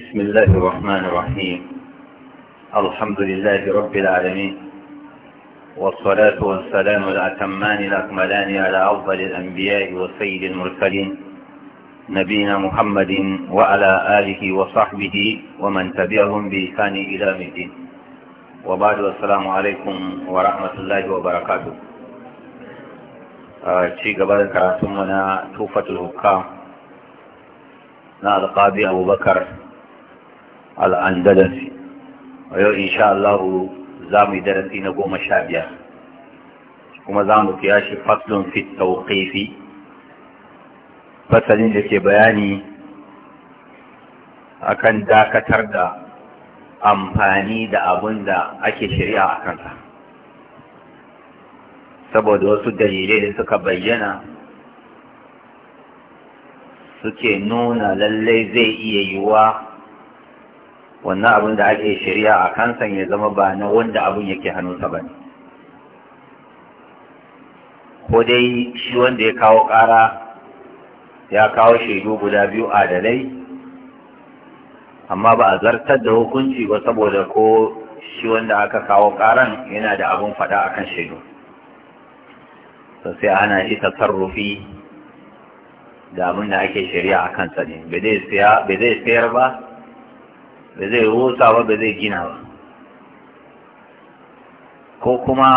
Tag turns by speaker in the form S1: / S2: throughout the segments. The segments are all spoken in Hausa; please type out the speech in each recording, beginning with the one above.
S1: بسم الله الرحمن الرحيم الحمد لله رب العالمين والصلاة والسلام الأتمان الأكملان على أفضل الأنبياء وسيد المرسلين نبينا محمد وعلى آله وصحبه ومن تبعهم بإحسان إلى الدين وبعد السلام عليكم ورحمة الله وبركاته آه، شيء قبل da توفة الحكام tufatul hukam na alƙabi al'andalusi a yau insha Allah za mu yi darasi na goma sha biyar kuma za mu fiya shi faslun fit tauƙifi fasalin da ke bayani akan dakatar da amfani da abin da ake shari'a a kansa saboda wasu dalilai da suka bayyana suke nuna lallai zai iya yiwuwa wannan abin da ake shari'a a kansan ya zama ba na wanda abin yake hannunsa ba ne ko dai shi wanda ya kawo ƙara ya kawo shaidu guda biyu a adalai amma ba a zartar da hukunci ba saboda ko shi wanda aka kawo ƙaran yana da abin faɗa a kan shaidu sai ana shi sarrufi da abin da ake shari'a a kansa ne bai zai sayar ba ba zai rusa ba ba zai gina ba ko kuma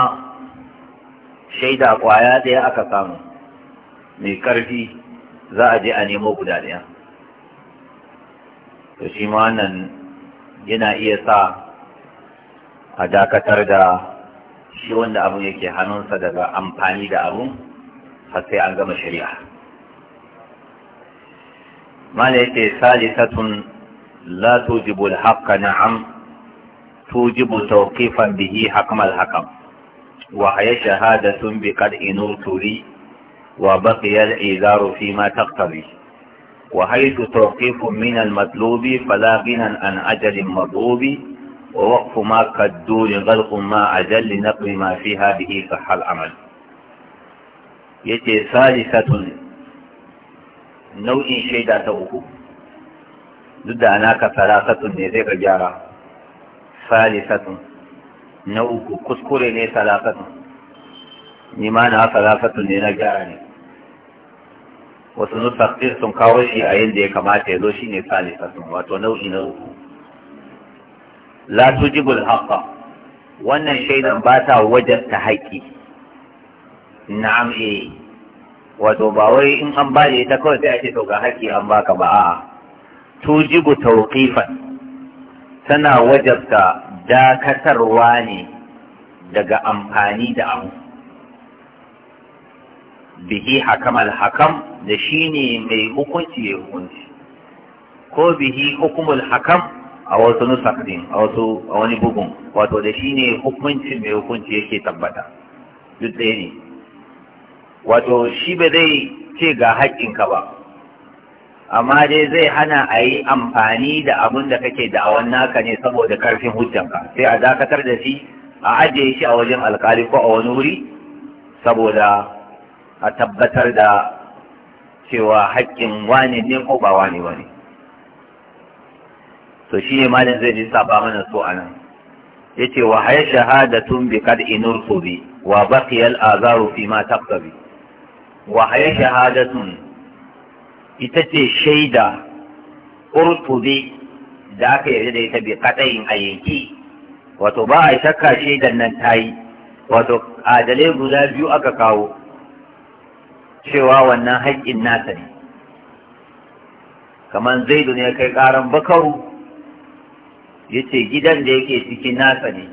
S1: shaida kwaya ɗaya aka samu mai karfi za a je a nemo guda ɗaya to shi ma wannan yana iya sa a dakatar da shi wanda abu yake hannunsa daga amfani da abun har sai an gama shari'a mala yake salisatun لا توجب الحق نعم توجب توقيفا به حكم الحكم وهي شهادة بقدع نور تري وبقي الإيذار فيما تقتضي وحيث توقيف من المطلوب فلا غنى عن أجل مطلوب ووقف ما دون غلق ما أجل لنقل ما فيها به صح العمل يتي ثالثة نوع شيدة أخوه duk da ana ka salasatun ne zai ka gyara salisatun na uku kuskure ne salasatun ni ma na salasatun ne na gyara ne wasu nusafir sun kawo shi a yin da ya kamata ya zo shi ne salisatun wato nau'i na uku Latu, jibul haka wannan shaidan ba ta wajenta haƙƙi na'am eh wato ba wai in an ba da ita kawai sai a ce haƙƙi an baka ba a'a tujibu tawqifan tana wajabta dakatarwa ne daga amfani da abu bihi hakam al-hakam da shine mai hukunci ya hukunci ko bihi hukumul hakam a wasu nusakdin a wasu a wani bugun wato da shine hukunci mai hukunci yake tabbata duk ɗaya ne wato shi ba zai ce ga haƙƙinka ba amma dai zai hana a yi amfani da abin da kake da'awan naka ne saboda karfin hujjanka sai a dakatar da shi a ajiye shi a wajen alkali ko a wani wuri saboda a tabbatar da cewa haƙƙin wani ne ko ba wani wani to shi ne malin zai ba mana so a nan ya ce wa haya shahadatun bi kad inur wa baqiyal azaru fi ma taqtabi wa haya shahadatun ita ce shaida ƙurtubi da aka yarda da ita bi kaɗayin a yanki wato ba a shakka shaidan nan ta yi wato adalai guda biyu aka kawo cewa wannan haƙƙin nasa ne kamar zaidu ne kai ƙaran bakaru ya ce gidan da yake cikin nasa ne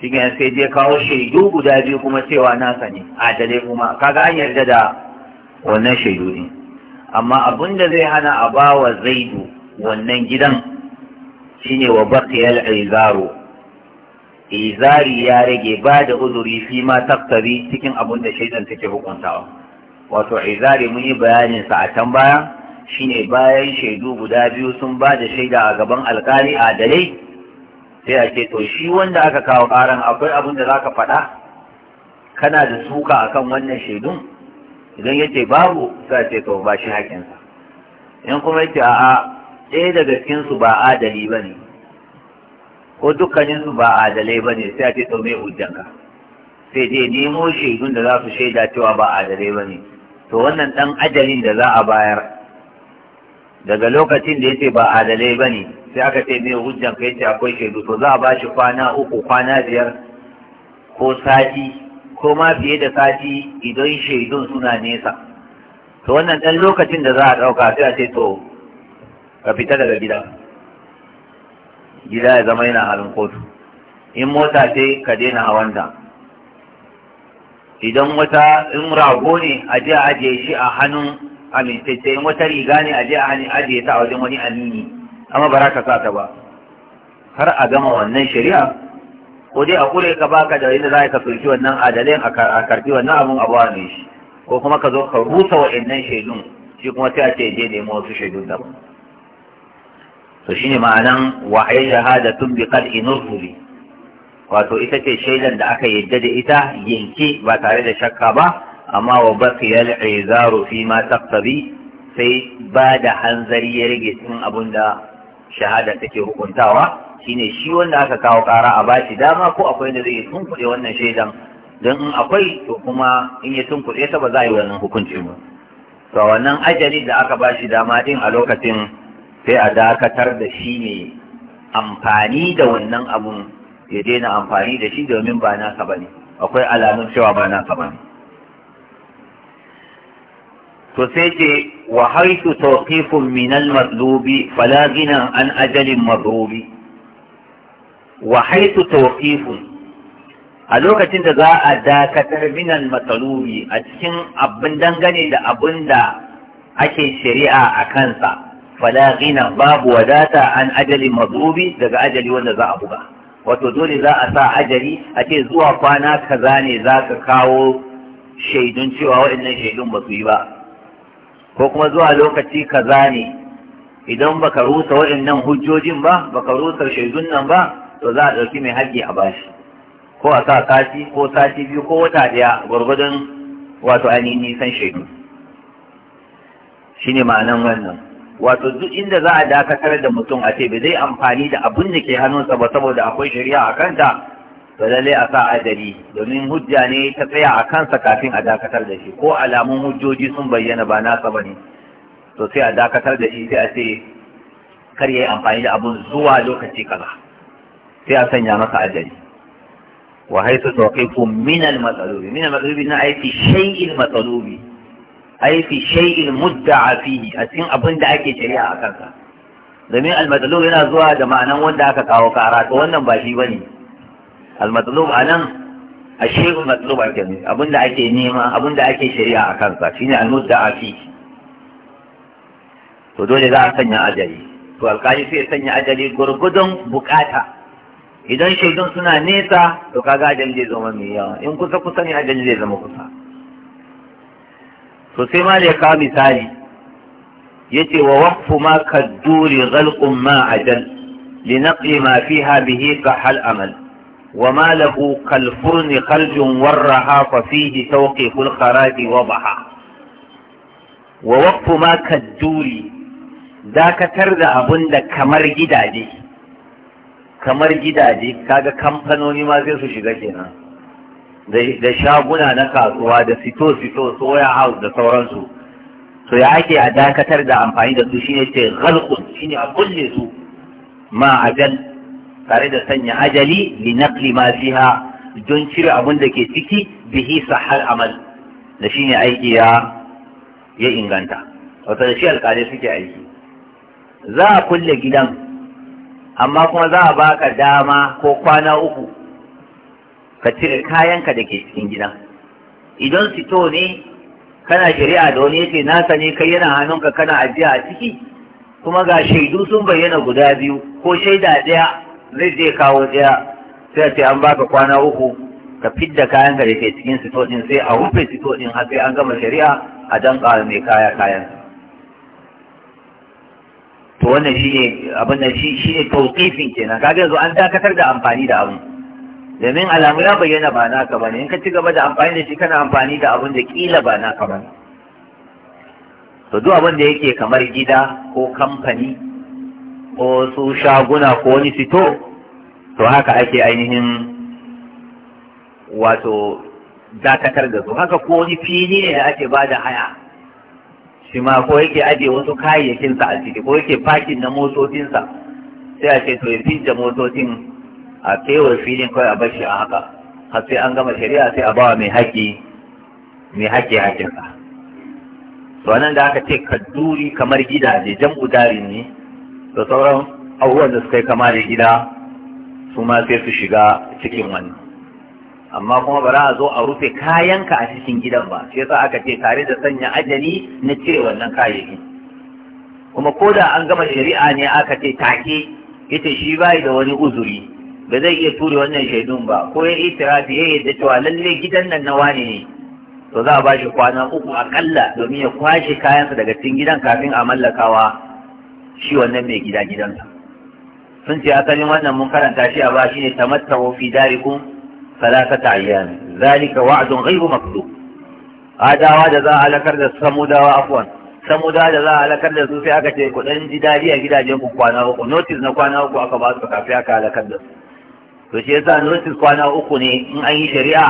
S1: shi sai dai kawo shaidu guda biyu kuma cewa nasa ne adalai kuma kaga an yarda da wannan shaidu ne amma abin da zai hana a ba wa zaidu wannan gidan shine wa baqiyal izaru izari ya rage ba da uzuri fi ma taktari cikin abin da shaidan take hukuntawa wato izari mun yi bayanin sa a can baya shine bayan shaidu guda biyu sun ba da shaida a gaban alkali a dalai sai a ce to shi wanda aka kawo karan akwai abin da zaka faɗa kana da suka akan wannan shaidun idan ya ce babu sa ce to ba shi haƙinsa in kuma yake a'a ɗaya daga cikinsu ba adali ba ne ko dukkaninsu ba adalai ba ne sai a ce to me hujjanka sai je nemo shaidun da za su shaida cewa ba adalai ba ne to wannan ɗan ajalin da za a bayar daga lokacin da ya ce ba adalai ba ne sai aka ce mai hujjan ka yace akwai shaidu to za a ba shi kwana uku kwana biyar ko sati ko ma fiye da sati idan shaidun suna nesa to wannan ɗan lokacin da za a ɗauka sai a ce to ka fita daga gida gida ya zama yana halin kotu in mota ce ka daina hawanta idan wata in rago ne a je a ajiye shi a hannun amintacce in wata riga ne a je a hannun ajiye ta a wajen wani amini amma ba za ka sa ta ba har a gama wannan shari'a ko dai a kure ka baka da inda za ka wannan adalin a karbi wannan abun a ne shi ko kuma ka zo ka rusa wa'annan shaidun shi kuma sai a ce je nemo wasu shaidun da to shine ma'anan wa ay tun bi qad'i nuzuli wato ita ce shaidan da aka yadda da ita yanke ba tare da shakka ba amma wa baqiya al-izaru fi ma taqtabi sai ba da hanzari ya rage tun abun da shahada take hukuntawa shine shi wanda aka kawo kara a bashi dama ko akwai da zai tunkuɗe wannan shaidan don in akwai to kuma in ya tunkuɗe ta ba za a yi wannan hukuncin ba to wannan ajali da aka bashi dama din a lokacin sai a dakatar da shi ne amfani da wannan abun ya daina amfani da shi domin ba nasa bane akwai alamun cewa ba nasa bane to sai ce wa haitu tawqifun min al-madlubi fala gina an ajalin madrubi wa haitu tawqifun a lokacin da za a dakatar minan matsaluri a cikin abin dangane da abin da ake shari'a a kansa falagina babu wadata an ajali mazubi daga ajali wanda za a buga wato dole za a sa ajali a ce zuwa kwana kaza ne za ka kawo shaidun cewa waɗannan shaidun ba su yi ba ko kuma zuwa lokaci kaza ne idan baka rusa waɗannan hujjojin ba baka rusa shaidun nan ba to za a ɗauki mai haƙƙi a bashi ko a sa ko sati biyu ko wata ɗaya gwargwadon wato ainihin nisan shaidu shine ma'anan wannan wato duk inda za a dakatar da mutum a ce bai zai amfani da abun da ke hannunsa ba saboda akwai shari'a a kanta ba lallai a sa adari domin hujja ne ta tsaya a kansa kafin a dakatar da shi ko alamun hujjoji sun bayyana ba nasa ba ne to sai a dakatar da shi sai a ce kar ya yi amfani da abun zuwa lokaci kaza sai a sanya masa ajali wa haitu tawqifu min al matsalubi min al matsalubi na aiki shay'il matsalubi aiki shay'il mudda'a fihi a cikin abin da ake shari'a a kansa domin al matsalub yana zuwa da ma'anan wanda aka kawo kara to wannan ba shi bane al matsalub anan a shay'ul matsalub ake nufi abin da ake nema abin da ake shari'a a kansa shine al mudda'a fihi to dole za a sanya ajali to alkali sai ya sanya ajali gurgudun bukata idan shaidun suna nesa to kaga ajali zai zama mai yawa in kusa kusa ne ajali zai zama kusa to sai ma ya kawo misali Ya ce wa waqfu ma kadduri ghalqun ma ajal li naqli ma fiha bihi ka hal amal wa ma lahu kal furni kharjun warraha fa fihi tawqifu al kharaj wadaha wa waqfu ma kadduri dakatar da abun da kamar gidaje kamar gidaje kaga kamfanoni ma sai su shiga kenan da shaguna na kasuwa da sito sito soya house da sauransu to ya ake a dakatar da amfani da su shine ce ghalqun shine a kulle su ma ajal tare da sanya ajali li naqli ma fiha don cire abin da ke ciki bihi sahal amal da shine aiki ya ya inganta wato da shi alƙalai suke aiki za a kulle gidan amma kuma za a baka dama ko kwana uku ka cire kayanka da ke cikin gidan idan sito ne kana shari'a da wani yake nasa ne kai yana hannunka kana ajiya a ciki kuma ga shaidu sun bayyana guda biyu ko shaida ɗaya zai je kawo ɗaya sai ce an baka kwana uku ka fidda kayanka da ke cikin sito ɗin sai a rufe sito ɗin har sai an gama shari'a a danƙa mai kaya kayan to wannan shi ne abin nan shi ne tawqifin kenan kaga yanzu an dakatar da amfani da abu domin alamu ya bayyana ba naka bane in ka ci gaba da amfani da shi kana amfani da abun da kila ba naka bane to duk abin da yake kamar gida ko kamfani ko su shaguna ko wani fito to haka ake ainihin wato dakatar da su haka ko wani fili ne da ake ba da haya shi ma ko yake ajiye wasu kayayyakinsa a ciki ko yake fakin na motocinsa sai a ce to ya fije motocin a kewar filin kawai a bashi a haka har sai an gama shari'a sai a bawa mai haƙi mai haƙi haƙinsa to nan da aka ce kadduri kamar gidaje jan udari ne da sauran abubuwan da suka yi kama da gida su ma sai su shiga cikin wannan amma kuma ba za a zo a rufe kayanka a cikin gidan ba shi yasa aka ce tare da sanya ajali na cire wannan kayayyaki kuma ko da an gama shari'a ne aka ce take ita shi bai da wani uzuri ba zai iya ture wannan shaidun ba ko ya itirafi ya yadda cewa lalle gidan nan na wane ne to za a ba kwana uku akalla domin ya kwashe kayansa daga cikin gidan kafin a mallakawa shi wannan mai gida gidansa sun ce asalin wannan mun karanta shi a ba shi ne tamattawo fi kun? ثلاثة أيام ذلك وعد غير مكذوب adawa da za a halakar da samudawa afwan samudawa da za a halakar da su sai aka ce ku dan jidali a gidajen ku kwana uku notice na kwana uku aka ba su kafin aka halakar da su to shi yasa notice kwana uku ne in an yi shari'a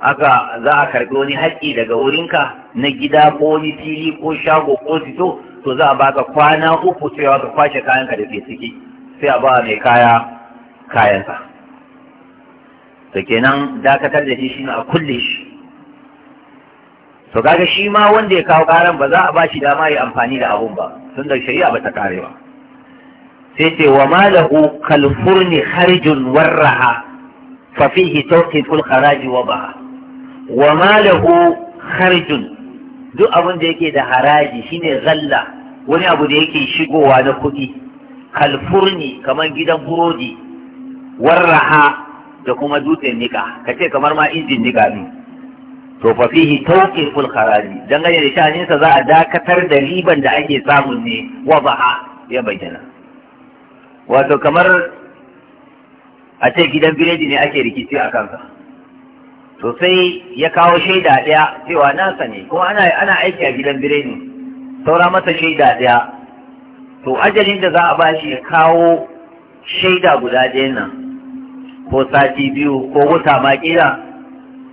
S1: aka za a karbi wani haƙƙi daga wurinka na gida ko wani fili ko shago ko fito to za a baka kwana uku cewa ka kwashe kayanka da ke ciki sai a ba mai kaya kayansa to kenan dakatar da shi shi a kulle shi to kaga shi ma wanda ya kawo karan ba za a ba shi dama ya amfani da abun ba tun da shari'a ba ta kare ba sai ce wa malahu kalfurni harjun warraha fa fihi tawqiful kharaji wa ba wa malahu harjun duk abin da yake da haraji shine zalla wani abu da yake shigowa na kuɗi kalfurni kamar gidan burodi warraha da kuma dutsen nika ka ce kamar ma injin nika ne to fa fihi tawqiful kharaji ga yayin sa za a dakatar da riban da ake samu ne wa baha ya bayyana wato kamar a ce gidan biredi ne ake rikici a kansa to sai ya kawo shaida ɗaya cewa nasa ne kuma ana ana aiki a gidan biredi saura masa shaida ɗaya to ajalin da za a bashi ya kawo shaida guda ɗaya nan ko sati biyu ko wuta ma kila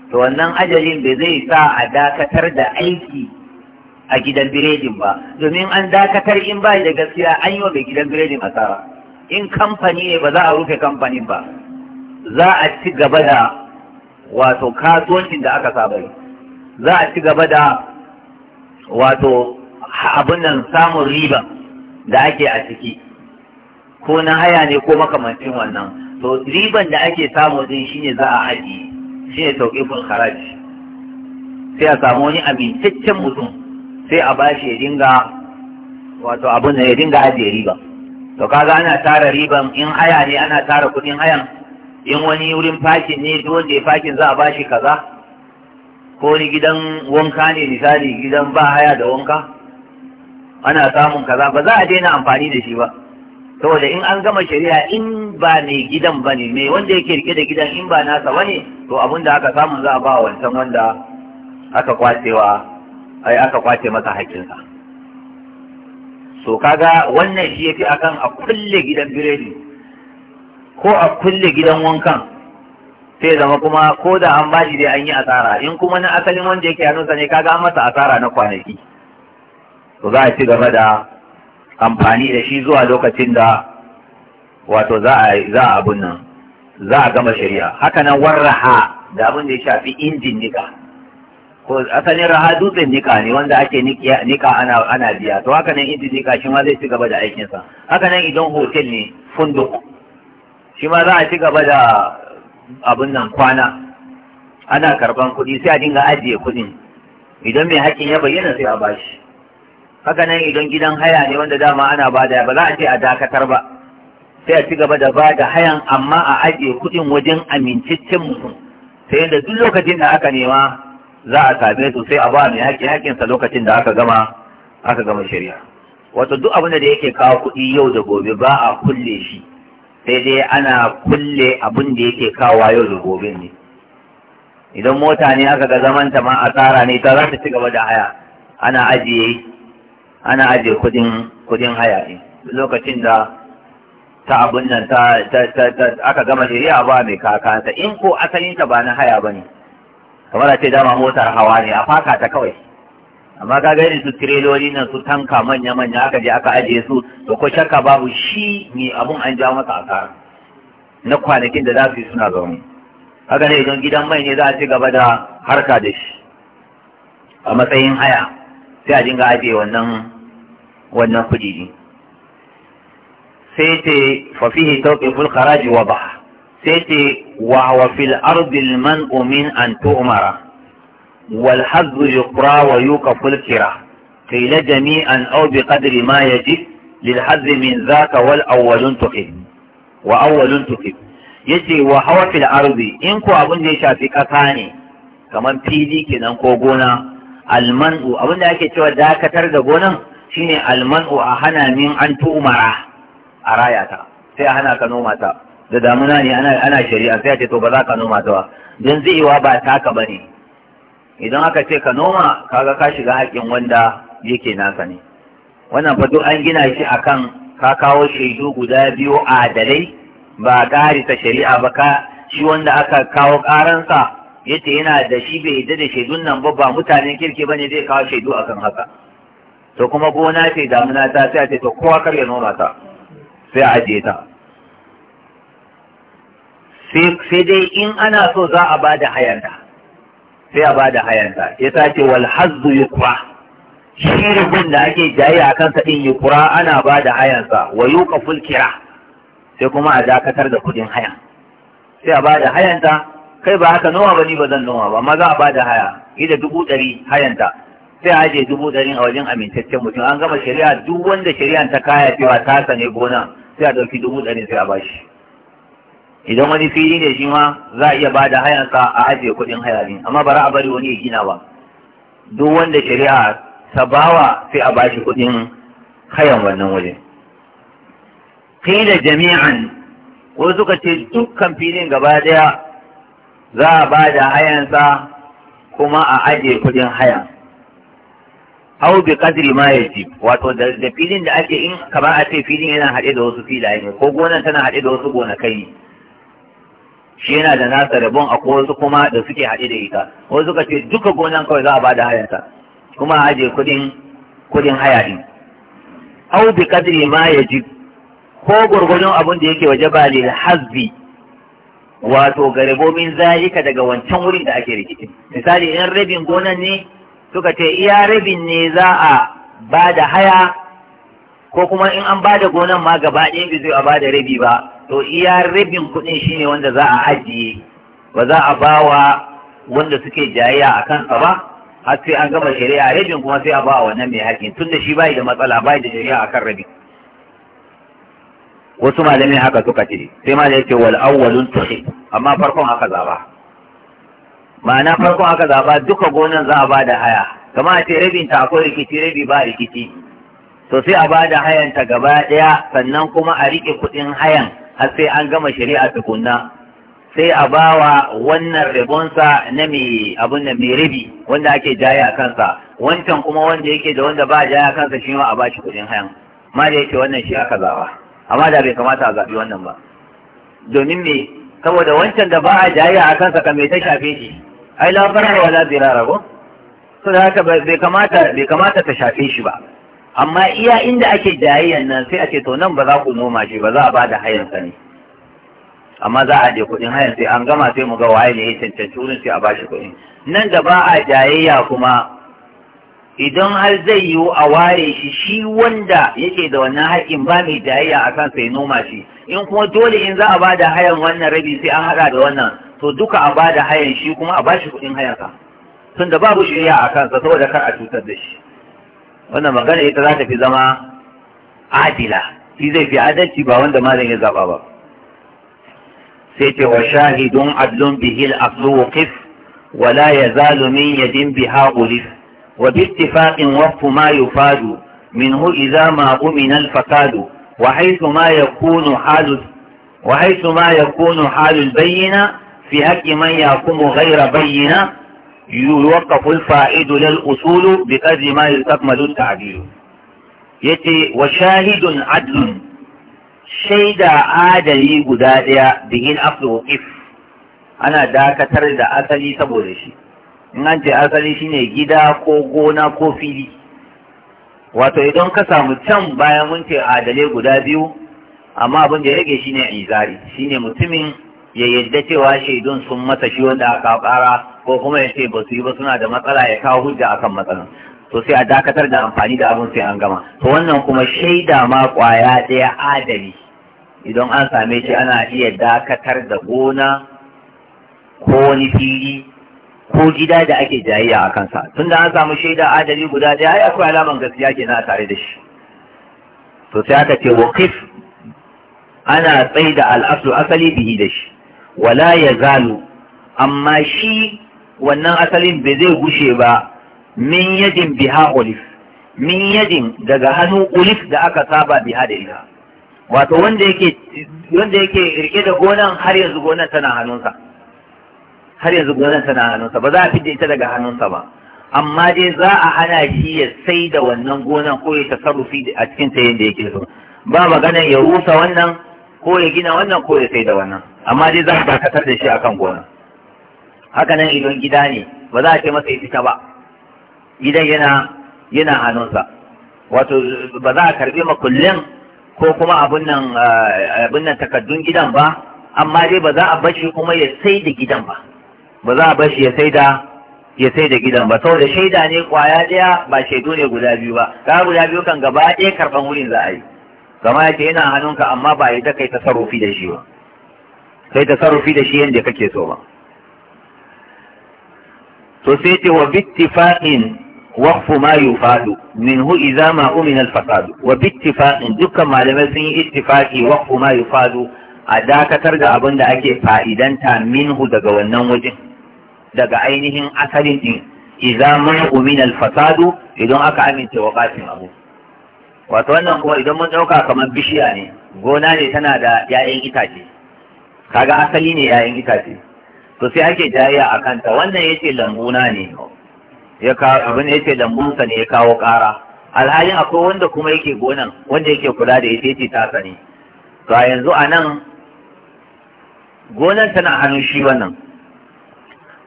S1: to wannan ajalin bai zai sa a dakatar da aiki a gidan biredin ba domin an dakatar in ba da gaskiya an yi wa mai gidan biredin asara in kamfani ne ba za a rufe kamfanin ba za a ci gaba da wato kasuwancin da aka saba za a ci gaba da wato abin nan samun riba da ake a ciki ko na haya ne ko makamancin wannan to riban da ake samu din shine za a haji shine kun haraji sai a samu wani amintaccen mutum sai a bashi ya dinga wato abun da ya dinga ajiye riba to kaga ana tara riban in haya ne ana tara kudin hayan in wani wurin fakin ne duk wanda ya fakin za a bashi kaza ko ni gidan wanka ne misali gidan ba haya da wanka ana samun kaza ba za a daina amfani da shi ba saboda in an gama shari'a in ba mai gidan ba ne mai wanda yake rike da gidan in ba nasa ba ne to abin da aka samu za a ba wancan wanda aka kwacewa ai aka kwace masa haƙƙinsa so kaga wannan shi yake akan a kulle gidan biredi ko a kulle gidan wankan sai zama kuma ko da an bashi dai an yi asara in kuma na asalin wanda yake hannunsa ne kaga an masa asara na kwanaki to za a ci gaba da amfani da shi zuwa lokacin da wato za a za a abun nan za a gama shari'a haka nan warraha da abin da ya shafi injin nika ko asalin raha dutsen nika ne wanda ake nika ana ana biya to haka nan injin nika shi ma zai ci gaba da aikinsa haka nan idan hotel ne funduk shi ma za a ci gaba da abin nan kwana ana karban kuɗi sai a dinga ajiye kuɗin idan mai haƙƙin ya bayyana sai a bashi haka nan idan gidan haya ne wanda dama ana ba da ba za a ce a dakatar ba sai a ci gaba da ba da hayan amma a ajiye kuɗin wajen amincicin mutum sai da duk lokacin da aka nema za a same su sai a ba mai haƙƙi haƙƙinsa lokacin da aka gama aka gama shari'a wato duk abin da yake kawo kuɗi yau da gobe ba a kulle shi sai dai ana kulle abin da yake kawo yau da gobe ne idan mota ne aka ga zamanta ma a tsara ne ta za ta ci gaba da haya ana ajiye ana ajiye kudin kudin haya ne lokacin da ta abun nan ta aka gama shari'a ba mai kakanta in ko asalin ta ba na haya ba ne kamar a ce dama motar hawa ne a faka ta kawai amma ka ga irin su tireloli nan su tanka manya manya aka je aka ajiye su to ko shakka babu shi ne abun an ja masa asara na kwanakin da za su yi suna zaune haka ne idan gidan mai ne za a ci gaba da harka da shi a matsayin haya sai a dinga ajiye wannan wannan kuɗi ne sai ce fafihi fihi tawqiful wa ba sai ce wa wa fil ardi al man'u min an tu'mara wal hadd yuqra wa yuqaful kira qila jami'an aw bi qadri ma yajib lil hadd min zaka wal awwalun tuqib wa awwalun tuqib yace wa hawa fil ardi in ko abin da ya shafi kasa ne kamar fili kenan ko gona almanu abinda ake cewa dakatar da gonan shine almanu a hana min an tumara a raya ta sai a hana ka noma ta da damuna ne ana shari'a sai a ce to ba za ka noma ta ba don zaiwa ba taka bane idan aka ce ka noma kaga ka shiga hakkin wanda yake nasa ne wannan fa duk an gina shi akan ka kawo shaidu guda biyu adalai ba ƙari ta shari'a ba ka shi wanda aka kawo ƙaransa yace yana da shi bai yadda da shaidun nan ba ba mutanen kirki bane zai kawo shaidu akan haka to kuma gona ce damuna ta sai a ce to kowa kar ya noma ta sai a ajiye ta sai dai in ana so za a ba da hayanta sai a ba da hayanta ya ta ce wal hazzu kura. shi da ake jayi a kansa din yukura ana ba da hayansa wa yuqaful kira sai kuma a dakatar da kudin haya sai a ba da hayanta kai ba haka noma ba ni ba zan noma ba amma za a da haya ida dubu ɗari hayanta sai a je dubu ɗari a wajen amintaccen mutum an gama shari'a duk wanda shari'a ta kaya cewa ta sane gona sai a ɗauki dubu ɗari sai a bashi idan wani fili ne shi ma za a iya ba da hayansa a ajiye kuɗin haya ne amma ba za a bari wani ya gina ba duk wanda shari'a ta bawa sai a bashi kuɗin hayan wannan wajen Kila jami'an wasu suka ce dukkan filin gaba daya za a ba da hayansa kuma a ajiye kudin haya Hau bi kadiri ma ji, wato da filin da ake in kamar a ce filin yana haɗe da wasu filaye ne ko gonan tana haɗe da wasu gonakai shi yana da nasa rabon a wasu kuma da suke haɗe da ita wasu suka ce duka gonan kawai za a ba da hayansa kuma a ajiye kudin kudin haya din Hau bi kadiri ma ji, ko gwargwadon abin da yake waje ba lil hazbi wato garibobin zaika daga wancan wurin da ake rikici misali in rabin gonan ne suka ce iya rabin ne za a ba da haya ko kuma in an ba da gonan ma gaba ɗaya bai zai a ba da rabi ba to iya rabin kuɗin shine wanda za a ajiye ba za a ba wa wanda suke jayayya a kansa ba har sai an gama shari'a rabin kuma sai a ba wa wannan mai haƙƙin tunda shi bai da matsala bai da shari'a akan rabin wasu malamai haka suka ce sai ma yake wal awwalun tuhi amma farkon haka zaba ma'ana farkon haka zaba duka gonan za a da haya kamar a ce rabin ta akwai rikici rabi ba rikici to sai a bada hayan ta gaba daya sannan kuma a rike kudin hayan har sai an gama shari'a tukunna sai a bawa wannan rabonsa na mai abun nan mai rabi wanda ake jaya a kansa wancan kuma wanda yake da wanda ba jaya a kansa shi ma a bashi kudin hayan ma da yake wannan shi aka zaba. amma da bai kamata a zaɓi wannan ba domin me saboda wancan da ba a jayayya a kansa ka mai ta shafe shi ai la wa wala dirara ko to da haka bai kamata bai kamata ta shafe shi ba amma iya inda ake jayayyan nan sai ake to nan ba za ku noma shi ba za a bada hayan sa ne amma za a je kuɗin hayan sai an gama sai mu ga waye ne ya cancanci wurin sai a ba bashi kuɗin nan da ba a jayayya kuma idan har zai yiwu a ware shi shi wanda yake da wannan haƙƙin ba mai jayayya a kan sai noma shi in kuma dole in za a ba da hayan wannan rabi sai an haɗa da wannan to duka a ba da hayan shi kuma a ba shi kuɗin hayansa tunda babu shirya a kansa saboda kar a cutar da shi wannan magana ita za ta fi zama adila shi zai fi adalci ba wanda malam ya zaɓa ba sai ce wa shahidun adlun bihil wa kif, wala ya zalumin yadin biha ulif وباتفاق وقف ما يفاد منه إذا ما أمن الفساد وحيث ما يكون حال وحيث ما يكون حال البينة في حق من يقوم غير بينة يوقف الفائد للأصول بقدر ما يستكمل التعديل يتي وشاهد عدل adlun عادل adali به daya وقف أنا داك ترد dakatar تبوريشي in an ce asali shine gida ko gona ko fili wato idan ka samu can bayan mun ce adale guda biyu amma abin da ya rage shine izari shine mutumin ya yadda cewa shaidun sun masa shi wanda aka kara ko kuma ya ce ba su yi ba suna da matsala ya kawo hujja akan matsalan to sai a dakatar da amfani da abin sai an gama to wannan kuma shaida ma kwaya ɗaya adali idan an same shi ana iya dakatar da gona ko wani fili ko gida da ake jayayya a kansa tun da an samu shaida adali guda ɗaya ai akwai alaman gaskiya kenan a tare da shi to sai aka ce waqif ana tsaida da al'aslu asali bihi da shi wala ya zalu amma shi wannan asalin bai zai gushe ba min yadin biha ulif min yadin daga hannu ulif da aka saba biha da ita wato wanda yake wanda yake rike da gonan har yanzu gonan tana hannunsa har yanzu gonar tana hannunsa ba za a fidda ita daga hannunsa ba amma dai za a hana shi ya sai da wannan gonan ko ya tasarrufi a cikin ta yadda yake so ba maganar ya rusa wannan ko ya gina wannan ko ya sai da wannan amma dai za a dakatar da shi a kan gonan haka nan idan gida ne ba za a ce masa ya fita ba gidan yana yana hannunsa wato ba za a karbi kullum ko kuma abun nan eh, abun nan takaddun gidan ba amma dai ba za a bashi kuma ya sai da gidan ba ba za a bar shi ya saida ya sai da gidan ba saboda shaida ne kwaya daya ba shaidu ne guda biyu ba ka guda biyu kan gaba ɗaya karɓan wurin za a yi kama ya ce yana hannunka amma ba yadda kai tasarrufi da shi ba kai tasarrufi da shi yadda kake so ba to sai ce wa bittifaqin waqfu ma yufadu minhu idza ma umina al-fasad wa bittifaqin dukkan malamai sun yi ittifaqi waqfu ma yufadu a dakatar da abin da ake fa'idanta minhu daga wannan wajen daga ainihin asalin din idza man umina al-fasadu idan aka amince wa qasim abu wato wannan kuma idan mun dauka kamar bishiya ne gona ne tana da 'ya'yan itace kaga asali ne 'ya'yan itace to sai ake jayya a kanta wannan yace lambuna ne ya ka abin yace lambunsa ne ya kawo ƙara alhalin akwai wanda kuma yake gonan wanda yake kula da ita yace ta sani to a yanzu a nan gonan tana hannun shi wannan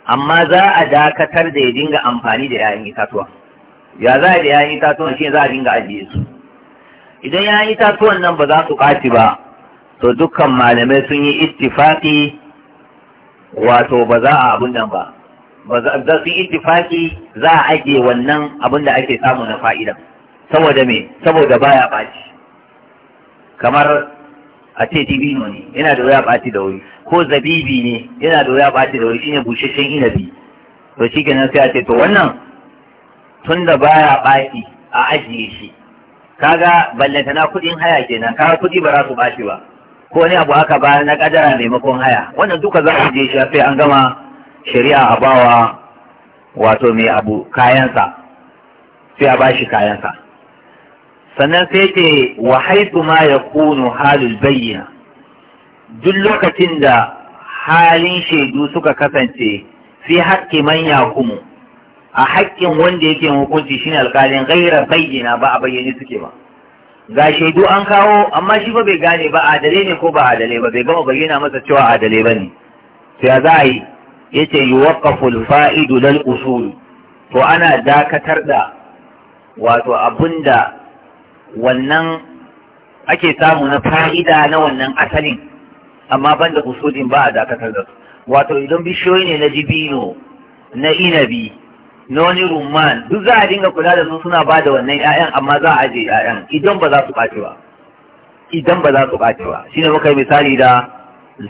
S1: amma za a dakatar da ya dinga amfani da 'ya'yan itatuwa ya za a da 'ya'yan itatuwa shi za a dinga ajiye su idan 'ya'yan itatuwan nan ba za su ɓaci ba to dukkan malamai sun yi ittifaqi wato ba za a abun nan ba ba za su yi ittifaqi za a ajiye wannan abun da ake samu na fa'ida saboda me saboda baya ɓaci kamar a ce dibino ne yana da wuya ɓaci da wuri ko zabibi ne yana da wuya ɓaci da wuri shine bushashen inabi to shi kenan sai a ce to wannan tun da baya ɓaci a ajiye shi kaga ballantana kuɗin haya kenan kaga kuɗi ba za su ɓaci ba ko wani abu aka ba na ƙadara maimakon haya wannan duka za a je shi sai an gama shari'a a bawa wato mai abu kayansa sai a bashi kayansa sannan sai ce wa haifu ma ya kunu halul bayyana duk lokacin da halin shaidu suka kasance fi haƙƙi manya ya kumu a haƙƙin wanda yake hukunci shine alƙalin gaira bayyana ba a bayyane suke ba ga shaidu an kawo amma shi ba bai gane ba adale ne ko ba adale ba bai gama bayyana masa cewa adale ba ne sai za a yi yace yuwaqqaful fa'idu lal usul to ana dakatar da wato abinda wannan ake samu na fa'ida na wannan asalin amma ban da kusurin ba a dakatar da su wato idan bishiyoyi ne na jibino na inabi na wani rumman duk za a dinga kula da su suna ba da wannan 'ya'yan amma za a je 'ya'yan idan ba za su ɓace ba idan ba za su ɓace ba shine muka yi misali da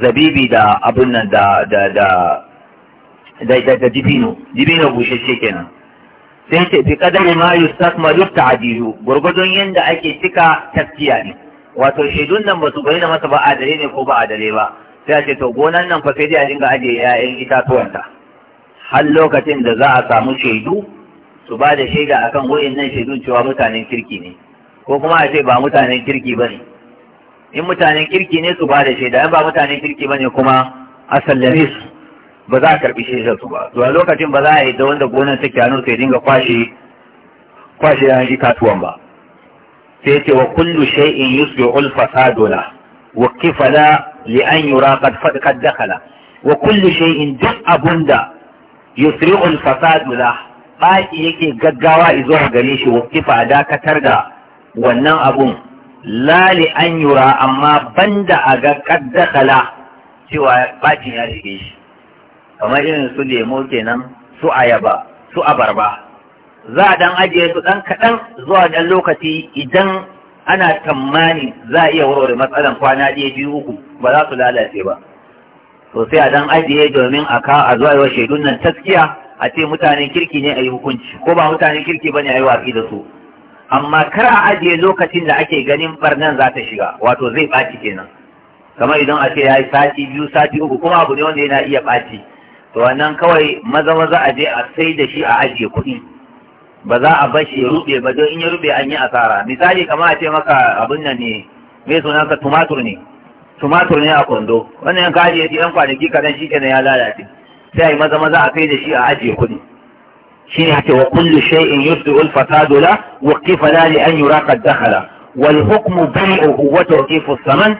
S1: zabibi da abun nan da jibino jibino bushe kenan sai ce bi kadari ma yustakmalu ta'dilu gurgudun yanda ake cika tafsiya ne wato shaidun nan basu bayyana masa ba adare ne ko ba adare ba sai a ce to gonan nan fa sai dai a dinga aje 'ya'yan itatuwanta har lokacin da za a samu shaidu su ba da shaida akan nan shaidun cewa mutanen kirki ne ko kuma a ce ba mutanen kirki ba in mutanen kirki ne su ba da shaida in ba mutanen kirki ba kuma a su ba za a karbi shishar su ba to a lokacin ba za a yi da wanda gonan take hannun sai dinga kwashe kwashe yayin itatuwan ba sai ce wa kullu shay'in yusbi'u al-fasaduna wa kifala li an yura qad qad dakhala wa kullu shay'in duk abunda yusri'u al-fasaduna baki yake gaggawa izuwa gare shi wa kifa dakatar da wannan abun lali an yura amma banda a ga kaddakala cewa bacin ya shige shi kamar irin su lemo kenan su ayaba su abarba za a dan ajiye su dan kaɗan zuwa dan lokaci idan ana tsammani za a iya warware matsalan kwana ɗaya biyu uku ba za su lalace ba to sai a dan ajiye domin a ka a zuwa shaidun nan taskiya a ce mutanen kirki ne a yi hukunci ko ba mutanen kirki ba ne a yi watsi da su amma kar a ajiye lokacin da ake ganin barnan za ta shiga wato zai ɓaci kenan kamar idan a ce ya yi sati biyu sati uku kuma abu ne wanda yana iya ɓaci to wannan kawai maza maza a je a sai da shi a ajiye kuɗi ba za a bashi ya rube ba don in ya rube an yi asara misali kamar a ce maka abin nan ne me sunansa tumatur ne tumatur ne a kwando wannan ka ajiye shi ɗan kwanaki kaɗan shi kenan ya lalace sai a yi maza maza a sai da shi a ajiye kuɗi shi ne ake wa kullu shay'in yusdi'ul fasadu la wa qifala li an yuraka dakhala wal hukmu bai'uhu wa tawqifu saman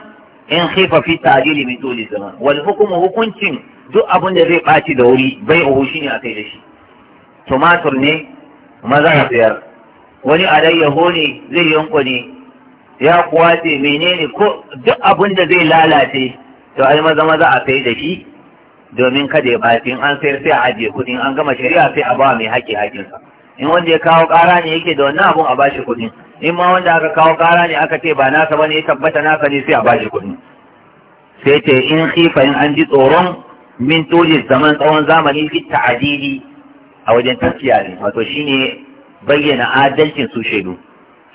S1: in khifa fi ta'dili min tuli zaman wal hukmu hukuncin duk abin da zai ɓaci da wuri bai a hushi ne a kai da shi tumatur ne maza a sayar wani alayyaho ne zai yanko ne ya kuwa ce menene ko duk abin da zai lalace to ai maza maza a kai da shi domin kada ya ɓaci in an sayar sai a ajiye kuɗin an gama shari'a sai a ba mai haƙƙi haƙƙinsa in wanda ya kawo ƙara ne yake da wannan abun a bashi kuɗin in ma wanda aka kawo ƙara ne aka ce ba nasa bane ya tabbata nasa ne sai a bashi kuɗin sai ce in khifa in an ji tsoron min toje zaman tsawon zamani fi ta'adili a wajen tafiya ne wato shine bayyana adalcin su shaidu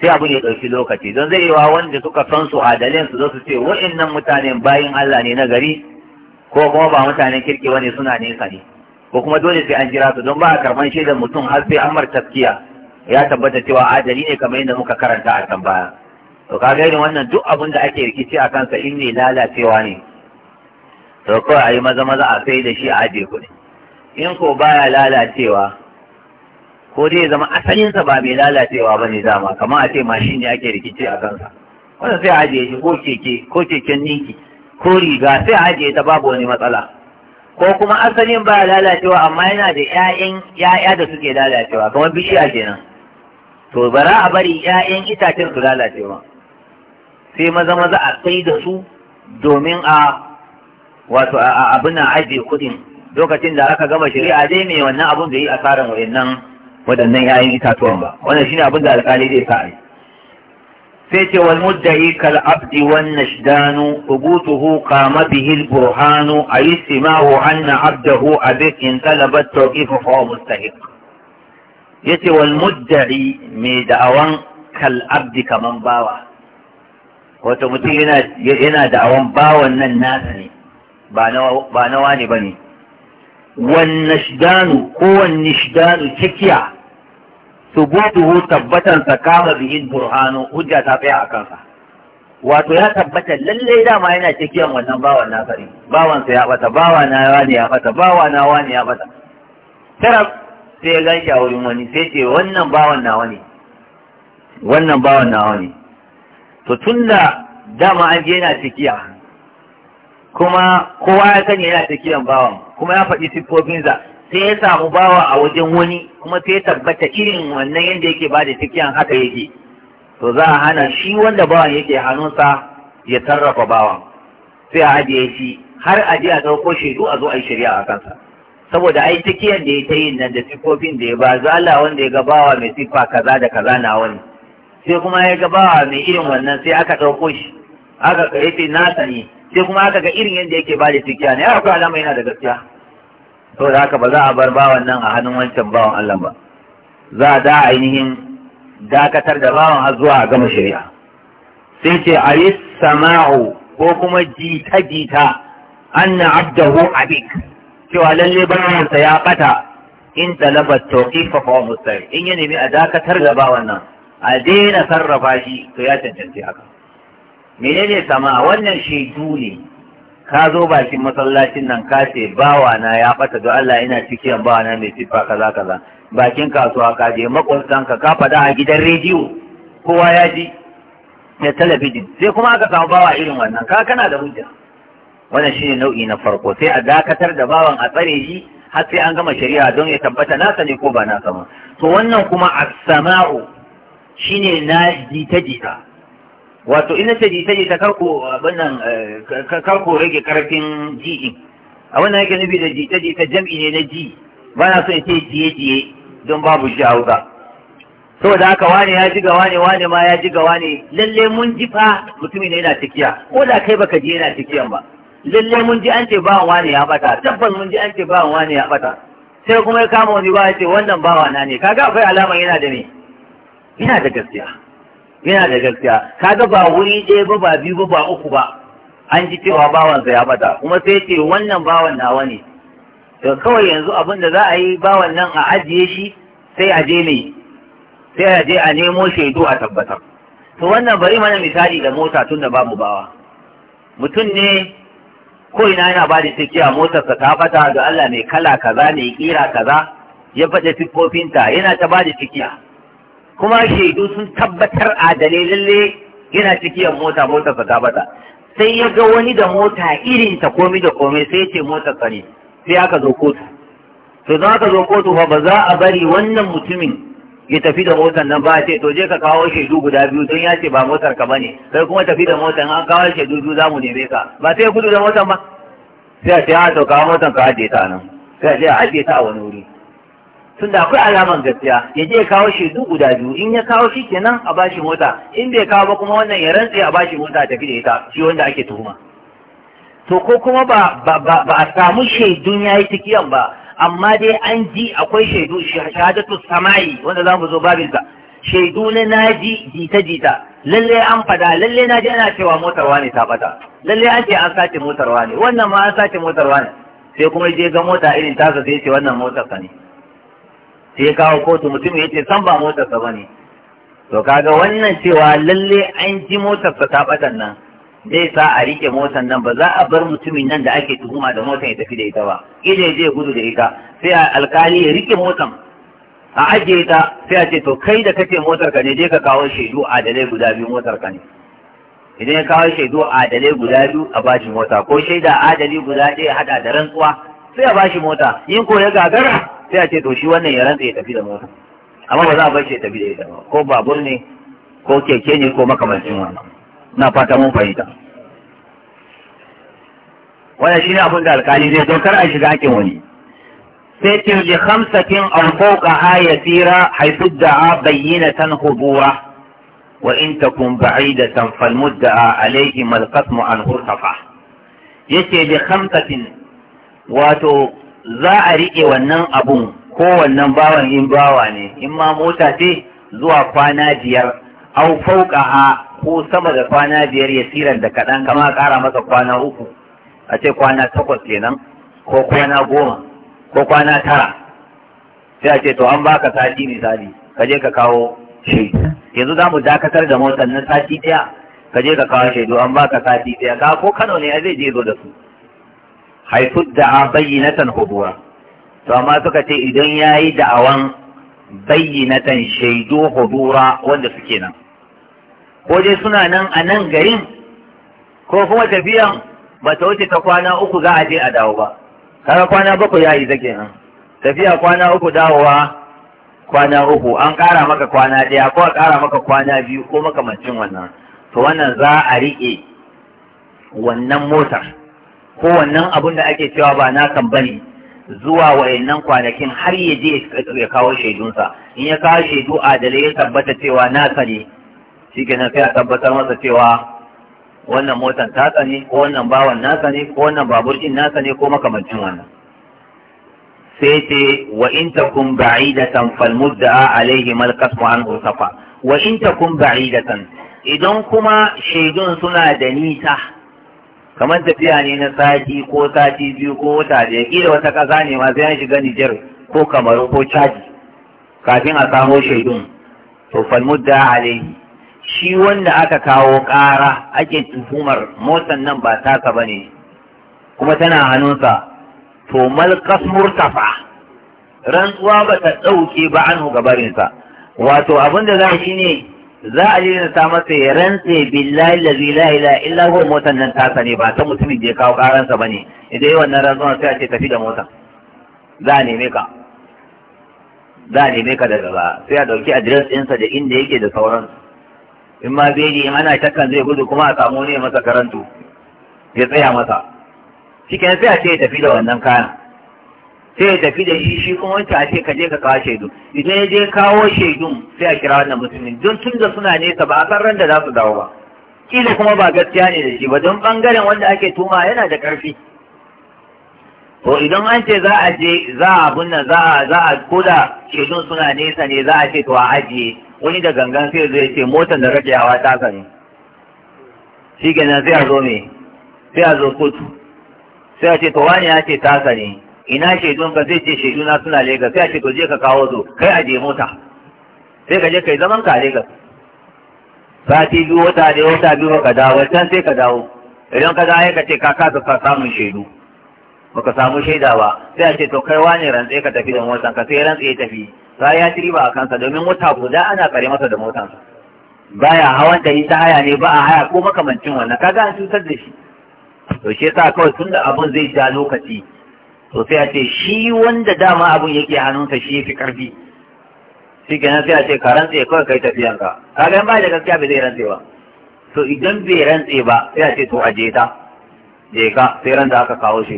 S1: sai abu ya ɗauki lokaci don zai yiwa wanda suka san su adalin su su ce wa'annan mutanen bayan Allah ne na gari ko kuma ba mutanen kirki wani suna nesa ne ko kuma dole sai an jira su don ba a karɓar shaidar mutum har sai an mar ya tabbata cewa adali ne kamar yadda muka karanta a tambaya. baya to kaga irin wannan duk abin da ake rikici a kansa in ne lalacewa ne to kawai a yi maza maza a sai da shi a ajiye kuɗi in ko baya lalacewa ko dai zama asalinsa ba mai lalacewa ba ne dama kamar a ce mashin ne ake rikici a kansa wanda sai a ajiye shi ko keke ko keken ninki ko riga sai a ajiye ta babu wani matsala ko kuma asalin baya lalacewa amma yana da 'ya'yan 'ya'ya da suke lalacewa kamar bishiya kenan to bara a bari 'ya'yan itacen su lalacewa sai maza maza a sai da su domin a wato a abin nan ajiye kuɗin lokacin da aka gama shari'a dai mai wannan abun da yi asaran waɗannan waɗannan yayin itatuwan ba wannan shine abin da alƙali zai sa yi sai ce wal mudda'i kal abdi wan nashdanu ubutuhu qama bihi al burhanu ay simahu anna abdahu abi in talaba tawqif fa mustahiq yace wal mudda'i mai da'awan kal abdi kaman bawa wato mutum yana yana da'awan bawan nan nasa ne ba na wane ba ne wanne shidanu kowanne shidanu cikiya su hu tabbatar sa kama bihin burhanu hujja ta tsaya a kansa wato ya tabbata lallai dama yana cikiyan wannan bawan na fari bawansa ya bata bawa na wane ya bata bawa na wane ya bata tara sai ya gan a wurin wani sai ce wannan bawan na wani. wannan bawan na wani. to tunda dama an je yana cikiya kuma kowa ya sani yana ta kiran bawan kuma ya faɗi siffofinsa sai ya samu bawa a wajen wani kuma sai ya tabbata irin wannan yadda yake ba da tikiyan haka yake to za a hana shi wanda bawan yake hannunsa ya sarrafa bawan sai a ajiye shi har a ji a ɗauko shaidu a zo a yi shari'a a kansa saboda ai tikiyan da ya ta yi nan da siffofin da ya ba zala wanda ya ga bawa mai siffa kaza da kaza na wani sai kuma ya ga bawa mai irin wannan sai aka ɗauko shi aka ga yace na sani sai kuma aka ga irin yadda yake bada tikiya ne akwai alama yana da gaskiya to da haka ba za a bar bawan nan a hannun wancan bawan Allah ba za a da ainihin dakatar da bawan har zuwa a gama shari'a sai ce a yi sama'u ko kuma jita-jita na abdahu abik cewa lalle bawansa ya bata in talaba tawqifa fa mustaqim in ya nemi a dakatar da bawan nan a daina sarrafa shi to ya cancanci haka menene sama wannan shaidu ne ka zo bakin masallacin nan ka ce bawa na ya bata don Allah ina cikin bawa na mai siffa kaza kaza bakin kasuwa ka je makwabtanka ka faɗa a gidan rediyo kowa ya ji na talabijin sai kuma aka samu bawa irin wannan ka kana da hujja wannan shine nau'i na farko sai a dakatar da bawan a tsare shi har sai an gama shari'a don ya tabbata nasa ne ko ba nasa ba to wannan kuma as-sama'u shine na jita jita wato ina ce jita ta karko abinnan eh, karko rage karfin din a wannan yake nufi da jita jita jam'i ne na ji ba na so in ce jiye jiye don babu shi hausa saboda haka wane ya ji ga wane wane ma ya ji ga wane lalle mun ji fa mutumi ne yana tikiya ko da kai baka ji yana tikiyan ba lalle mun ji an ce ba wane ya bata tabbas mun ji an ce ba wane ya bata sai kuma ya kama wani ba ya ce wannan bawa na ne kaga akwai alama yana da ne yana da gaskiya yana da gaskiya kaga ba wuri ɗaya ba ba biyu ba ba uku ba an ji cewa bawansa ya bata kuma sai ce wannan bawan nawa ne to kawai yanzu abin da za a yi bawan nan a ajiye shi sai a je ne sai a je a nemo shaidu a tabbatar to wannan bari mana misali da mota tun da babu bawa mutum ne ko ina yana ba da tikiya motarsa ta fata, da Allah mai kala kaza mai kira kaza ya faɗa siffofinta yana ta ba da cikiya. kuma shaidu sun tabbatar a ne yana cikiyar mota mota ta bata sai ya ga wani da mota irin ta komai da komai sai ce mota kare ne sai aka zo kotu to za ka zo kotu fa ba za a bari wannan mutumin ya tafi da motar nan ba ce to je ka kawo shaidu guda biyu don ya ce ba motar ka bane kai kuma tafi da motar an kawo shaidu biyu za mu neme ka ba sai ya gudu da motar ba sai a ce a ah, to kawo motar ka ajiye ta nan sai a ce a ah, ajiye ta a wani wuri tun da akwai alaman gaskiya ya je ya kawo shaidu guda biyu in ya kawo shi kenan a bashi mota in bai kawo ba kuma wannan ya rantse a bashi mota tafi da ita shi wanda ake tuhuma to ko kuma ba ba a samu shaidun yayi tikiyan ba amma dai an ji akwai shaidu shahadatu samai wanda zamu zo babin ka shaidu na naji jita jita lalle an fada lalle naji ana cewa motar wani ta bata lalle an ce an sace motar wani wannan ma an sace motar wani sai kuma je ga mota irin tasa sai ce wannan motar ka ne sai ya kawo kotu mutum ya ce san ba motarsa ba ne to kaga wannan cewa lalle an ji motarsa ta ɓatan nan zai sa a riƙe motar nan ba za a bar mutumin nan da ake tuhuma da motar ya tafi da ita ba ina ya je gudu da ita sai alkali ya riƙe motar a ajiye ta sai a ce to kai da kace motar ka ne je ka kawo shaidu adalai guda biyu motar ka ne idan ya kawo shaidu adalai guda biyu a bashi mota ko shaida adali guda ɗaya haɗa da rantsuwa sai a bashi mota in ko ya gagara sai a ce to shi wannan ya rantsa ya tafi da mota amma ba za a bashi ya tafi da ita ba ko babur ne ko keke ne ko makamancin wannan na fata mun fahimta wannan shine abin da alkali zai zo kar a shiga hakin wani sai ce li khamsatin aw fawqa ayathira haythu da'a bayyinatan hudura wa in takun ba'idatan fal mudda'a alayhi mal qasmu an hurtafa yace li khamsatin wato za a riƙe wannan abun ko wannan bawan in bawa ne in ma mota ce zuwa kwana biyar au ha, ko sama da kwana biyar ya siran da kaɗan kama ƙara masa kwana uku a ce kwana takwas kenan ko kwana goma ko kwana tara sai a ce to an baka sati misali ka je ka kawo shi yanzu za mu dakatar da motar na sati ɗaya ka je ka kawo shaidu an baka sati ɗaya ka ko kano ne a zai je zo da su haifu da'a bayyinatan hubuwa to amma suka ce idan ya yi da'awan bayyinatan shaidu hudura wanda suke nan ko dai suna nan a nan garin ko kuma tafiyan ba ta wuce ta kwana uku za a je a dawo ba kaga kwana bakwai ya yi zake nan tafiya kwana uku dawowa kwana uku an ƙara maka kwana ɗaya ko a ƙara maka kwana biyu ko makamancin wannan to wannan za a riƙe wannan motar ko wannan abun da ake cewa ba na kan bane zuwa wayannan kwanakin har ya je ya kawo shaidunsa in ya kawo shaidu a dalilin ya tabbata cewa na ne shi kenan sai a tabbatar masa cewa wannan motan ta ne ko wannan bawan na ne ko wannan babur din na ne ko makamancin wannan sai ce wa in takum ba'idatan fal mudda'a alaihi mal qasmu an safa wa in da ba'idatan idan kuma shaidun suna da nisa kamar tafiya ne na sati ko sati biyu ko wata da kila wata ƙasa ne ma sai an shiga Nijar ko Kamaru ko caji kafin a samo shaidun to mudda alaihi shi wanda aka kawo ƙara ake tuhumar motsan nan ba taka bane kuma tana hannunsa to malkas murtafa rantsuwa ba ta ɗauke ba an gabarinsa wato abin da za shi ne za a je ta masa ya rantse billahi lazi la ila illa huwa motan nan tasa ne ba ta mutumin je kawo karansa ba ne idan yi wannan rantsuwa sai a ce tafi da motan za a neme ka za a neme ka da gaba sai a ɗauki adres ɗinsa da inda yake da sauran in ma beli in ana shakkan zai gudu kuma a samu ne masa karantu ya tsaya masa cikin sai a ce tafi da wannan kayan sai ya tafi da shi shi kuma wancan a ce ka je ka kawo shaidu idan ya je kawo shaidun sai a kira wannan musulmin don tun da suna nesa ba a san ran da za su dawo ba kila kuma ba gaskiya ne da shi ba don bangaren wanda ake tuma yana da karfi to idan an ce za a je za a abun za a za a koda shaidun suna nesa ne za a ce to a ajiye wani da gangan sai zai ce motar da kake hawa ta sani shi kenan sai a zo ne sai a zo kotu sai a ce to wani ya ce ta sani ina shaidun ka zai ce shaiduna suna Legas sai a ce to je ka kawo zo kai a je mota sai ka je kai zaman ka a Legas sati biyu wata ne wata biyu ka dawo can sai ka dawo idan ka dawo ka ce ka kasa ka samun shaidu baka samu shaida ba sai a ce to kai wani rantse ka tafi da motan ka sai rantse ya tafi sai ya ci riba a kansa domin mota guda ana kare masa da motansa baya hawan ta ta haya ne ba a haya ko makamancin wannan kaga an cutar da shi to shi yasa kawai tunda abun zai ja lokaci to sai a ce shi wanda dama abun yake hannunsa shi fi karfi shi kenan sai a ce ka rantse kawai kai tafiyanka. ka ga ba da gaskiya bai zai rantse ba to idan bai rantse ba sai a ce to aje ta je ka sai ranta aka kawo shi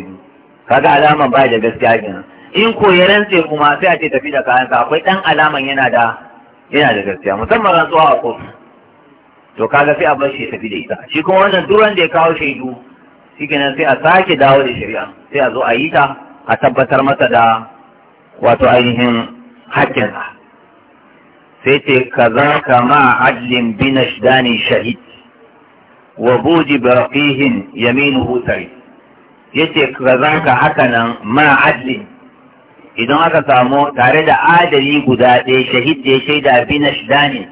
S1: kaga alaman ba da gaskiya kenan in ko ya rantse kuma sai a ce tafi da kayanka akwai dan alaman yana da yana da gaskiya musamman rantsuwa a kotu to kaga sai a bar shi tafi da ita shi kuma wannan duran da ya kawo shaidu shikenan sai a sake dawo da shari'a sai a zo a yi ta a tabbatar masa da wato ainihin hakkinsa sai ce ma kama adlin binashdani shahid wa buji baraqihin yaminuhu sari yace ce ka haka nan ma adlin idan aka samu tare da adali guda ɗaya shahid da ya shaida binashdani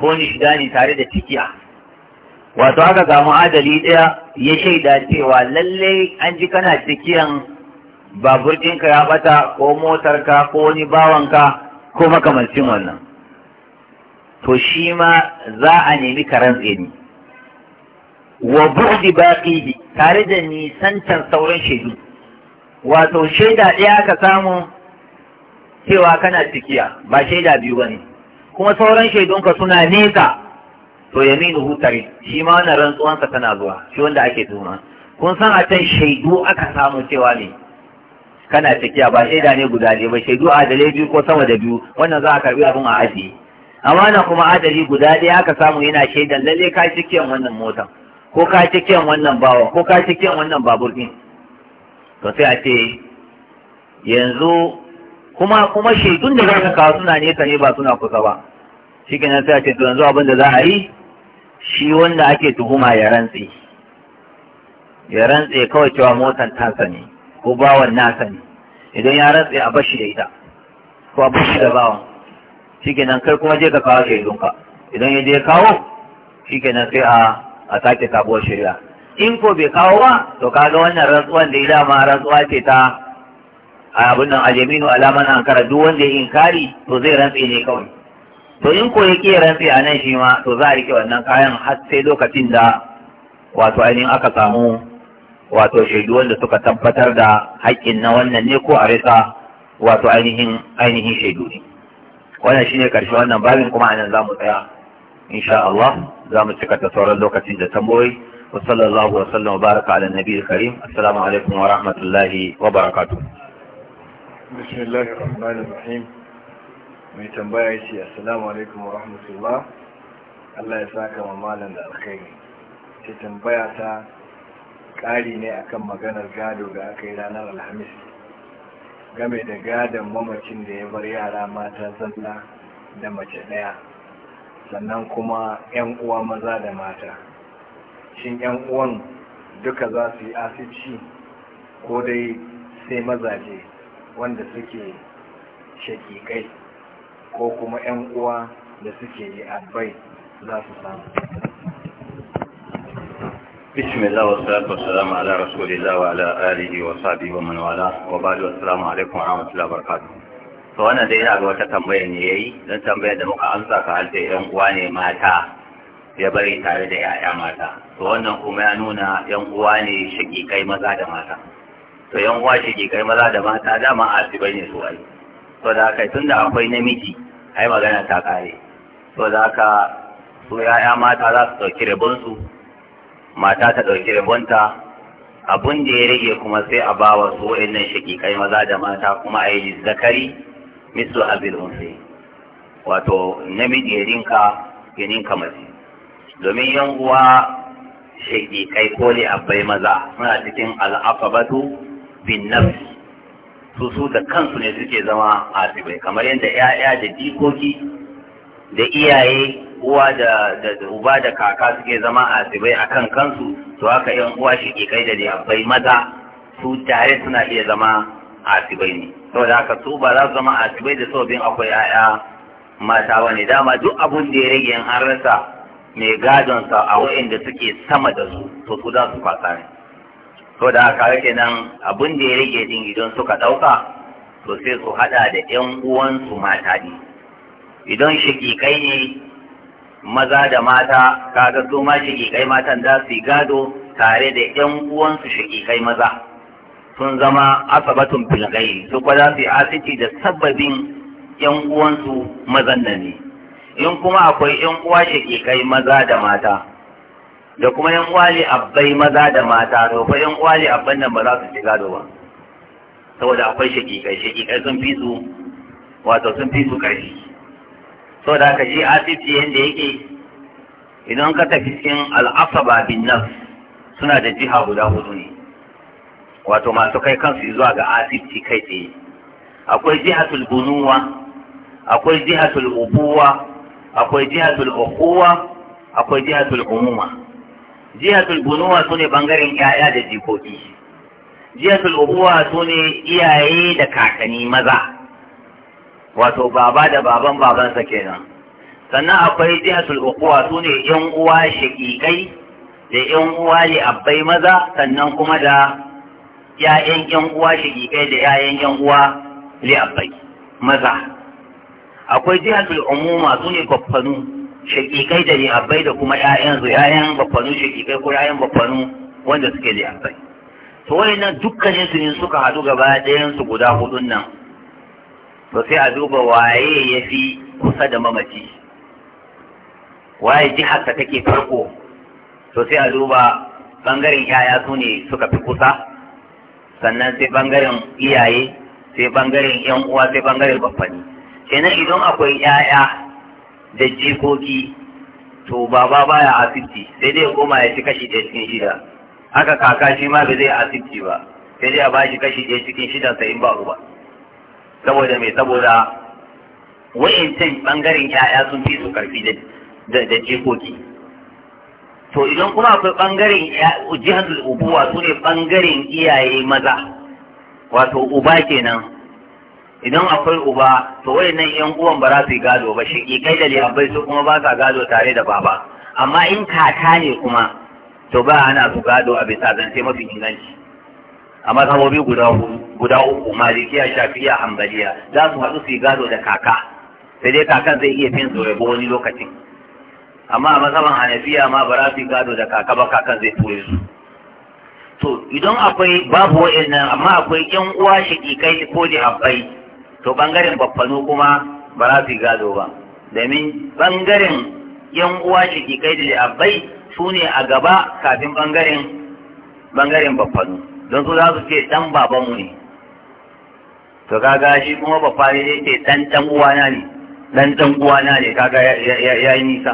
S1: ko nishdani tare da tikiya wato aka samu adali ɗaya ya shaida cewa lalle an ji kana cikiyan babur ɗinka ya bata, ko motarka ko wani bawanka ko makamancin wannan to shi ma za a nemi karen tsini wa bu'di baqihi tare da nisancan sauran shaidu wato shaida ɗaya ka samu cewa kana cikiya ba shaida biyu ba ne, kuma sauran shaidunka suna nesa to yaminuhu tare shi ma wannan rantsuwansa tana zuwa shi wanda ake tuma kun san a can shaidu aka samu cewa ne kana tafiya ba shaida ne guda ɗaya ba shaidu adalai biyu ko sama da biyu wannan za a karbi abin a ajiye amma na kuma adali guda ɗaya aka samu yana shaidan lalle ka ci kiyan wannan motan ko ka ci kiyan wannan bawa ko ka ci kiyan wannan babur din to sai a ce yanzu kuma kuma shaidun da za ka kawo suna nesa ne ba suna kusa ba shi kenan sai a ce to yanzu abin da za a yi shi wanda ake tuhuma ya rantse ya rantse kawai cewa motan tasa ne ko bawan nasa ne idan ya rantse a bashi da ita ko a bashi da bawan nan kai kuma je ka kawo shaidunka idan ya je kawo nan sai a a sake sabuwar shari'a in ko bai kawo ba to kaga wannan rantsuwan da ya ma rantsuwa ce ta abin nan ajaminu alaman ankara duk wanda ya inkari to zai rantse ne kawai to in ko ya ke rantsi a nan shi ma to za a riƙe wannan kayan har sai lokacin da wato ainihin aka samu wato shaidu wanda suka tabbatar da haƙƙin na wannan ne ko a risa wato ainihin ainihin shaidu ne wannan shi ne ƙarshe wannan babin kuma anan mu tsaya sha Allah mu cika ta sauran lokacin da tamboyi wa sallallahu wa sallam wa baraka ala nabiyil karim assalamu alaikum wa rahmatullahi wa barakatuh
S2: بسم الله الرحمن الرحيم mai tambaya ya ce assalamu alaikum wa rahmatullah Allah ya saka ma malam da alkhairi ce tambaya ta ƙari ne akan maganar gado ga aka yi ranar alhamis game da gadon mamacin da ya bar yara mata zalla da mace ɗaya sannan kuma 'yan uwa maza da mata shin 'yan uwan duka za su yi asibci ko dai sai mazaje wanda suke shakikai ko kuma 'yan uwa da suke yi abai za su samu
S1: بسم الله والصلاة والسلام على رسول الله وعلى آله وصحبه ومن والاه وبعد والسلام عليكم ورحمة الله وبركاته to wannan dai yana ga wata tambaya ne yayi dan tambaya da muka amsa ka halta yan uwa ne mata ya bari tare da yaya mata to wannan kuma ya nuna yan uwa ne shakikai maza da mata to yan uwa shakikai maza da mata dama asibai ne su ai to da kai tunda akwai namiji ai magana ta kare to da haka su ya'ya mata za su ɗauki rabonsu mata ta ɗauki rabonta abun da ya rage kuma sai a ba wa su wa'annan shakikai maza da mata kuma a yi zakari mislu abil unsi wato namiji ya rinka ya ninka mace domin yan uwa shakikai ko ne abbai maza suna cikin al'afabatu bin nafsi su su da kansu ne suke zama asibai kamar yadda 'ya'ya da jikoki da iyaye uwa da uba da kaka suke zama asibai a kan kansu to haka yan uwa shi kai da Bai maza su tare suna iya zama asibai ne saboda haka su ba za su zama asibai da sobin akwai 'ya'ya mata ba ne dama duk abun da ya rage an rasa mai gadonsa a da suke sama da su to su za su kwasa ne So da aka yake nan abin da ya rage din idan suka ɗauka to sai su haɗa da 'yan uwansu mata ne idan shigikai ne maza da mata kaga su ma shigikai matan za su yi gado tare da ƴan uwansu shigikai maza sun zama asabatun filgai su kwa za su yi asiti da sababin ƴan uwansu mazan nan ne in kuma akwai ƴan uwa shigikai maza da mata da kuma yan kwali abbai maza da mata to fa yan kwali abban nan ba za su shiga gado ba saboda akwai shakikai shakikai sun fi su wato sun fi su karfi saboda ka ji asibiti yadda yake idan ka tafi cikin al'asaba bin nas suna da jiha guda hudu ne wato masu kai kansu zuwa ga asibiti kai tsaye akwai jihatul bunuwa akwai jihatul ubuwa akwai jihatul ukhuwa akwai jihatul umuma jihatul bunuwa su ne bangaren ‘ya'ya da jikoki jihatul ubuwa su ne iyaye da kakanni maza wato baba da baban babansa kenan sannan akwai jihatul ubuwa su ne ‘yan uwa shaƙiƙai da ‘yan uwa ne abbai maza sannan kuma da ‘ya'yan ‘yan uwa shaƙiƙai da ‘ya'yan ‘yan uwa li abbai maza akwai jihatul umuma su ne baffanu shakikai da li'abbai da kuma ‘ya'yan su ‘ya'yan baffanu shakikai ko ‘ya'yan baffanu wanda suke li'abbai to wayannan dukkanin su ne suka haɗu gaba ɗayan su guda hudun nan to sai a duba waye ya fi kusa da mamaci waye jihar ta take farko to sai a duba bangaren ‘ya'ya su ne suka fi kusa sannan sai bangaren iyaye sai bangaren ‘yan uwa sai bangaren baffani kenan idan akwai ‘ya'ya da jikoki to baba baya asibiti sai dai koma ya ci kashi ɗaya cikin shida haka kaka shi ma ba zai asibiti ba sai dai a ba shi kashi ɗaya cikin shidan sa in ba uba saboda mai saboda wayancan bangaren ya'ya sun fi su karfi da jikoki to idan kuma akwai bangaren jihar ubuwa su ne bangaren iyaye maza wato uba kenan idan akwai uba to nan yan uwan ba za su yi gado ba shi kai da bai, su kuma ba sa gado tare da baba amma in kaka ne kuma to ba ana su gado a bisa zance mafi inganci a mazhabobi guda guda uku malikiya shafiya hambaliya za su haɗu su yi gado da kaka sai dai kakan zai iya fin tsoro wani lokacin amma a mazaban hanafiya ma ba za su yi gado da kaka ba kakan zai ture su to idan akwai babu nan, amma akwai yan uwa kai ko da abai to bangaren baffanu kuma ba za su gado ba domin bangaren yan uwa kai da abai su ne a gaba kafin bangaren bangaren baffanu don su za su ce dan babanmu ne to kaga shi kuma baffa ne ce dan dan uwana ne dan dan uwana ne kaga ya yi nisa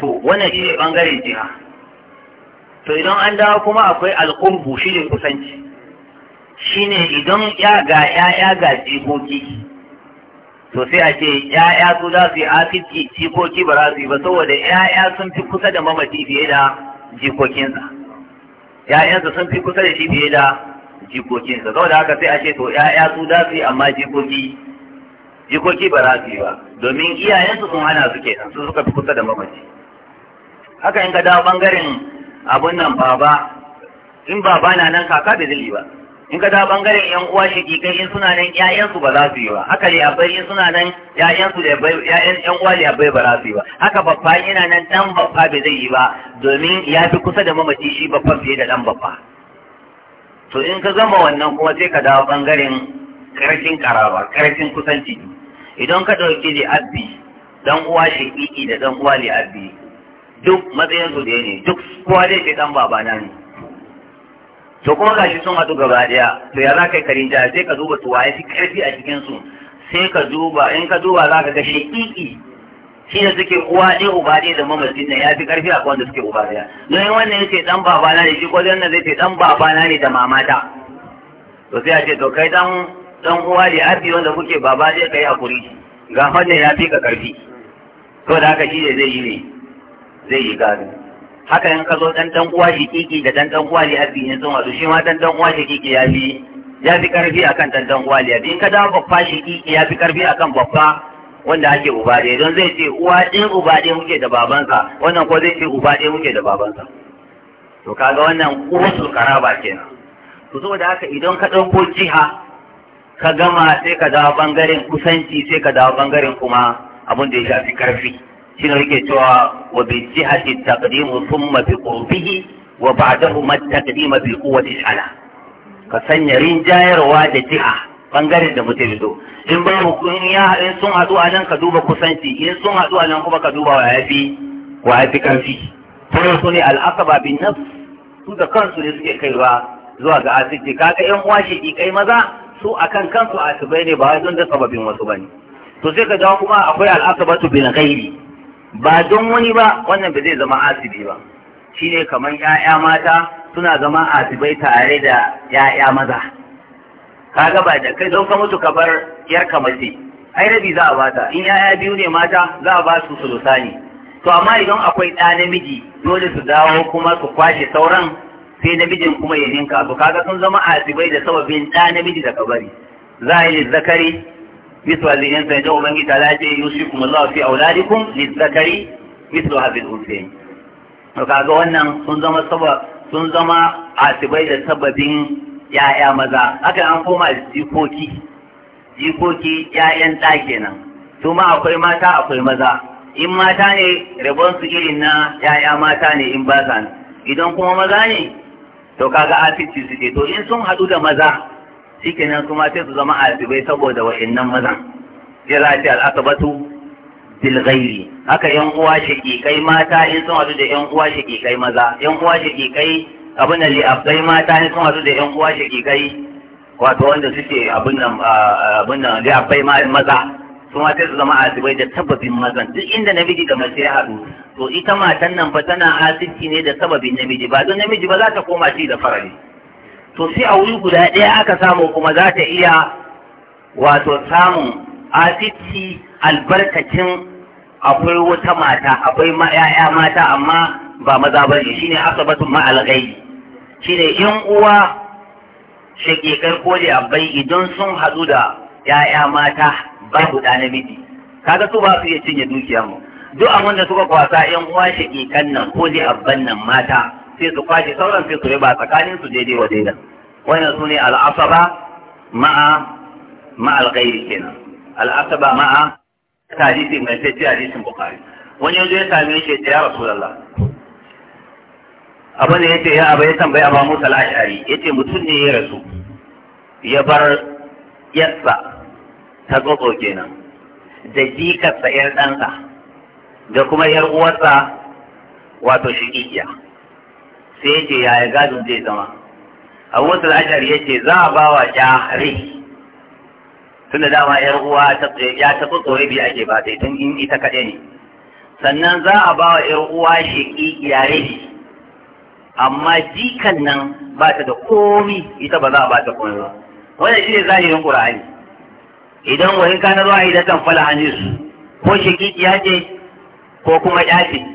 S1: to wannan shi ne bangaren jiha to idan an dawo kuma akwai alƙurbu shi ne kusanci shine idan ya ga ya ga jikoki to sai a ce ‘ya'ya su za su yi asibiti jikoki ba za su yi ba saboda ‘ya'ya sun fi kusa da mamaci fiye da jikokinsa ‘ya'yansa sun fi kusa da shi fiye da jikokinsa saboda haka sai a ce to ‘ya'ya su za su yi amma jikoki jikoki ba za su yi ba domin iyayensu sun hana su kenan su suka fi kusa da mamaci haka in ka dawo bangaren abun nan baba in baba na nan kaka bai zili ba in ka da bangaren yan uwa shakikai in suna nan 'ya'yansu ba za su yi ba haka ne abai in suna nan ƴaƴansu da ƴaƴan yan uwa da abai ba za su yi ba haka babba yana nan dan babba bai zai yi ba domin ya fi kusa da mamaci shi babba fiye da dan babba to in ka zama wannan kuma sai ka dawo bangaren karfin karaba karfin kusanci idan ka ɗauki da abbi dan uwa shakiki da dan uwa da abbi duk matsayin su ne duk kowa zai ce dan babana ne to kuma shi sun haɗu gaba ɗaya to ya za ka yi karinja sai ka duba tuwa ya fi ƙarfi a cikinsu sai ka duba in ka duba za ka ga shaƙiƙi shi da suke uwa ɗaya uba ɗaya da mamacin ne ya fi ƙarfi a kwanda suke uba ɗaya don wannan ya ce ɗan babana ne shi ko wannan zai ce ɗan babana ne da mamata to sai a ce to kai ɗan ɗan uwa ne fi wanda kuke baba zai kai hakuri ga wannan ya fi ka ƙarfi to da haka shi ne zai yi ne zai yi gari. haka in ka zo dan dan uwa shikiki da dan dan uwa liyabi in sun wato shi ma dan dan uwa shikiki ya fi ya fi karfi akan dan dan uwa liyabi in ka dawo babba shikiki ya fi karfi akan babba wanda ake uba ɗaya don zai ce uwa ɗin uba ɗaya muke da babansa wannan ko zai ce uba ɗaya muke da babansa to kaga wannan usul karaba kenan to saboda haka idan ka ɗauko jiha ka gama sai ka dawo bangaren kusanci sai ka dawo bangaren kuma abin da ya shafi karfi shi ne yake cewa wa bi jihati taqdimu thumma bi qurbihi wa ba'dahu ma taqdima bi quwwati ala ka sanya rinjayarwa da jiha bangaren da mutum zo in ba mu kun ya in sun hadu a nan ka duba kusanci in sun hadu a nan kuma ka duba wa yafi wa yafi kanfi kuma su ne al'aqaba bin nafs su da kansu ne suke kaiwa zuwa ga asibiti kaga yan uwa shi kai maza su akan kansu asibai ne ba wai don da sababin wasu bane to sai ka jawo kuma akwai al'aqabatu bil ghairi ba don wani ba wannan ba zai zama asibi ba shine kamar 'ya'ya mata suna zama asibai tare da 'ya'ya maza kaga ba da kai don ka mutu ka bar yarka mace ai rabi za a bata in 'ya'ya biyu ne mata za a ba su ne to amma idan akwai ɗa namiji dole su dawo kuma su kwashe sauran sai namijin kuma ya ninka to kaga sun zama asibai da sababin ɗa namiji da bari? za a yi zakari مثل الذين سيدعوا من قتال أجل يوشكم الله في أولادكم للذكر مثل هذه الأنثيين وكذا وانا سنزم السبب سنزم عاتبين السببين يا يا مزا أكا أنكم جيكوكي jikoki ‘ya'yan ɗa kenan, su akwai mata akwai maza, in mata ne rabonsu irin na ‘ya'ya mata ne in ba sa idan kuma maza ne, to kaga asibiti suke, to in sun haɗu da maza, shikenan su ma sai su zama asibai saboda wa'annan mazan ya za a ce al'asabatu bil haka yan uwa shakikai mata in sun hadu da yan uwa shakikai maza yan uwa shakikai abin da li'abdai mata in sun hadu da yan uwa shakikai wato wanda suke abin nan abin nan li'abdai maza su ma sai su zama asibai da sababin mazan duk inda namiji da mace ya haɗu to ita matan nan fa tana asibiti ne da sababin namiji ba don namiji ba za ta koma shi da farari to sai a wuri guda ɗaya aka samu kuma za ta iya wato samun asiti albarkacin akwai wata mata akwai ma'ya'ya mata amma ba maza ba ne shine asabatu ma'alagai shine yan uwa shekekar kodi abai idan sun haɗu da ya'ya mata babu ɗa namiji kaga su ba su iya cinye dukiyar mu duk abin da suka kwasa yan uwa shakikan nan kodi abban nan mata sai su kwashe sauran sai su yi ba tsakanin su daidai wa daidai wannan su ne al'asaba ma'a ma'al ghairi kenan al'asaba ma'a hadisi mai sai hadisin bukari wani yanzu ya same shi ya lalla abin da ce ya abai tambaya ba Musa al ya ce mutum ne ya rasu ya bar yassa ta tsotso kenan da jikarsa yar ɗansa da kuma yar uwarsa wato shigiya sai ce yaya gadon zai zama abu lashar ashari ce za a bawa ya rai tunda dama yar uwa ta ya ta tsore biya ake ba sai tun in ita kaɗai ne sannan za a bawa yar uwa sheki yare amma jikan nan ba ta da komi ita ba za a ba ta komi ba wannan shine zahirin ne. idan wani kanarwa idan tan fala su ko sheki ya ce ko kuma ya ce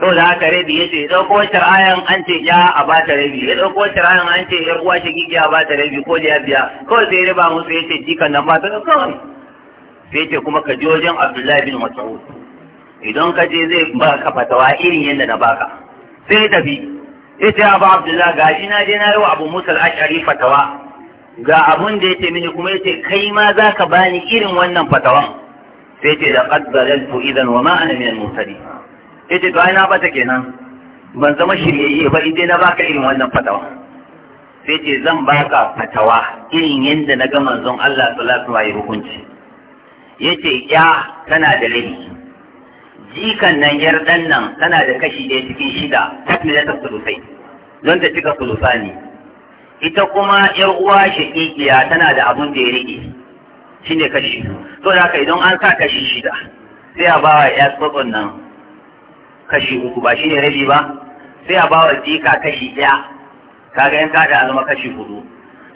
S1: to da aka rabi ya ce ɗauko wacce ayan an ce ya a ba ta rabi ya ɗauko wacce an ce ya ruwa shi gigi a ba ta rabi ko da ya biya kawai sai riba musu ya ce jikan nan ba ta da kawai sai ce kuma ka jojin wajen abdullahi bin mas'ud idan ka je zai ba ka fatawa irin yadda na baka sai tafi ya ce abu abdullahi ga shi na je na yi wa abu musa al'ashari fatawa ga abun da ya ce mini kuma ya ce kai ma za ka bani irin wannan fatawan sai ce da qad zalaltu idan wa ma'ana min musari. yace to ai na bata kenan ban zama shiryayye ba idan na baka irin wannan fatawa sai ce zan baka fatawa irin yadda na ga manzon Allah sallallahu alaihi hukunci yace ya tana da laifi jikan nan dan nan tana da kashi ɗaya cikin shida takmilata sulusai don ta cika sulusani ita kuma yar uwa shaƙiƙiya tana da abun da ya rike shine kashi to da haka idan an sa kashi shida sai a ba wa ya tsotson nan kashi uku ba ne rabi ba sai a bawa jika kashi ɗaya kaga in kada a zama kashi hudu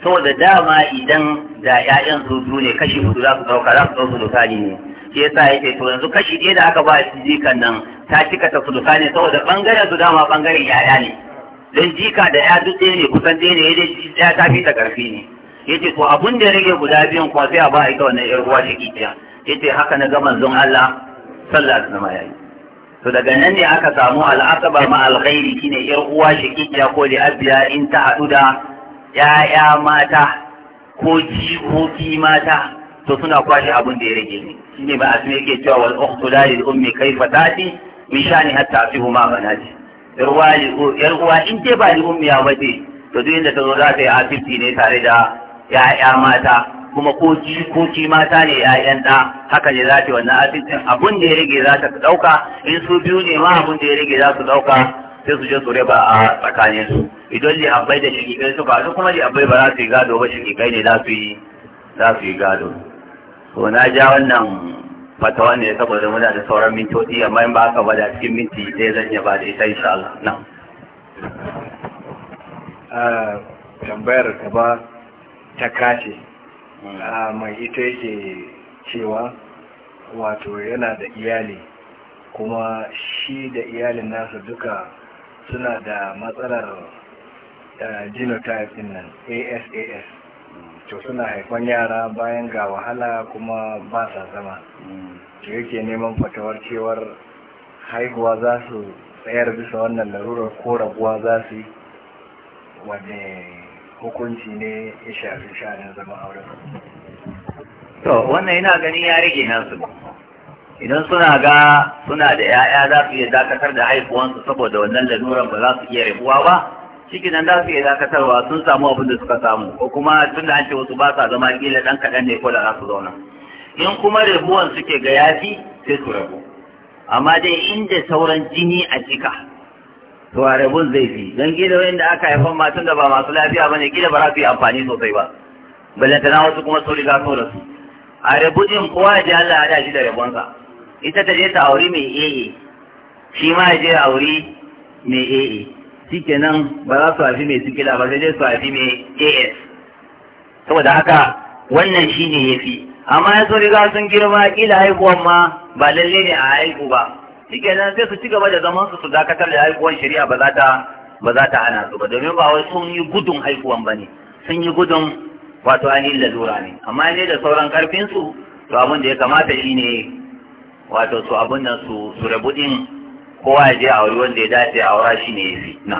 S1: saboda dama idan da ƴaƴan su biyu ne kashi hudu za su ɗauka za su ɗauka su ne shi sa yake to yanzu kashi ɗaya da aka ba jikan nan ta cika ta su ne saboda ɓangaren su dama ɓangaren ƴaƴa ne don jika da ya duk ɗaya ne kusan ɗaya ne yadda ya ta fi ta ƙarfi ne ya ce ko abun da ya rage guda biyan kuwa sai a ba a ita wannan ƴar uwa ƙiƙiya ya ce haka na ga manzon Allah sallallahu alaihi wasallam ya yi to daga nan ne aka samu al'aqaba ma alghairi shine yar uwa shakikiya ko da abiya in ta haɗu da ya'ya mata ko jikoki mata to suna kwashe abin da ya rage ne shine ba asmi yake cewa wal ukhtu la lil ummi kayfa tati min hatta asihu ma banati yar uwa yar uwa in dai ba lil ummi ya bace to duk inda ta zo za ta yi asibiti ne tare da ya'ya mata kuma ko jikoki mata ne ‘ya'yan ɗa haka ne za ta yi wannan asibitin abun da ya rage za ta ɗauka in su biyu ne ma abun da ya rage za su ɗauka sai su je su riba a tsakanin su idan abai da shigigai su ba su kuma abai ba za su yi gado ba shigigai ne za su yi za su yi gado to na ja wannan fatawa ne saboda muna da sauran mintoci amma in ba haka ba da cikin minti ɗaya zan iya ba da ita insha Allah na
S2: ah, tambayar ta ba ta kace mai ita yake cewa wato yana da iyali kuma shi da iyalin nasa duka suna da matsalar eh, genotype nan asas to suna haifan yara bayan ga wahala kuma ba sa zama to yake neman fatawar cewar haihuwa za su tsayar bisa wannan larurar ko raguwa za su yi wadda hukunci ne ya shafi shanin zama auren
S1: to wannan yana
S2: gani ya rage nasu idan
S1: suna ga suna da 'ya'ya za su iya dakatar da haihuwansu saboda wannan laluran ba za su iya rabuwa ba ciki nan za su iya dakatarwa sun samu abin da suka samu ko kuma tun da an wasu ba sa zama kila dan kaɗan ne ko da za su zauna in kuma rabuwan suke ga yafi sai su rabu amma dai inda sauran jini a jika to a zai fi don gida wanda aka haifan matan da ba masu lafiya bane gida ba za su yi amfani sosai ba na wasu kuma su riga so da su a rabu kowa ya ji Allah ya shi da rabonsa ita ta je ta auri mai eye shi ma ya je auri mai eye nan ba za su haifi mai sikila ba sai dai su haifi mai as saboda haka wannan shine fi. amma ya so riga sun girma kila haihuwan ma ba lalle ne a haihu ba shikenan sai su ci gaba da zaman su su dakatar da haihuwar shari'a ba za ta ba za ta hana su ba domin ba wai sun yi gudun haihuwan ba ne sun yi gudun wato ainihin lalura ne amma ne da sauran karfin su to abin da ya kamata shi ne wato su abin nan su su rabu din kowa ya je a wuri wanda ya dace a aura shi ne ya fi na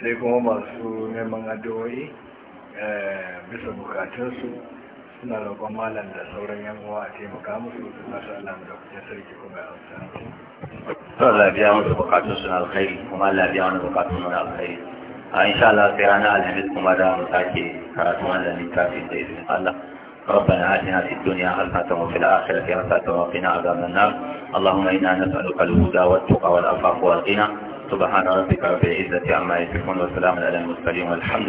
S2: sai kuma masu neman addu'o'i eh, bisa bukatunsu suna roƙon malam da sauran yan uwa a taimaka musu su masu Allah da kuke sarki kuma ya amsa.
S1: Allah biya musu bukatun suna alkhairi kuma Allah biya wani bukatun suna alkhairi. A insha Allah sai ranar alhamis kuma da mu sake karatu wannan littafin da izinin Allah. ربنا آتنا في الدنيا حسنة وفي الآخرة حسنة وقنا عذاب النار اللهم إنا نسألك الهدى والتقى والعفاف والغنى سبحان ربك رب العزة عما يصفون وسلام على المرسلين والحمد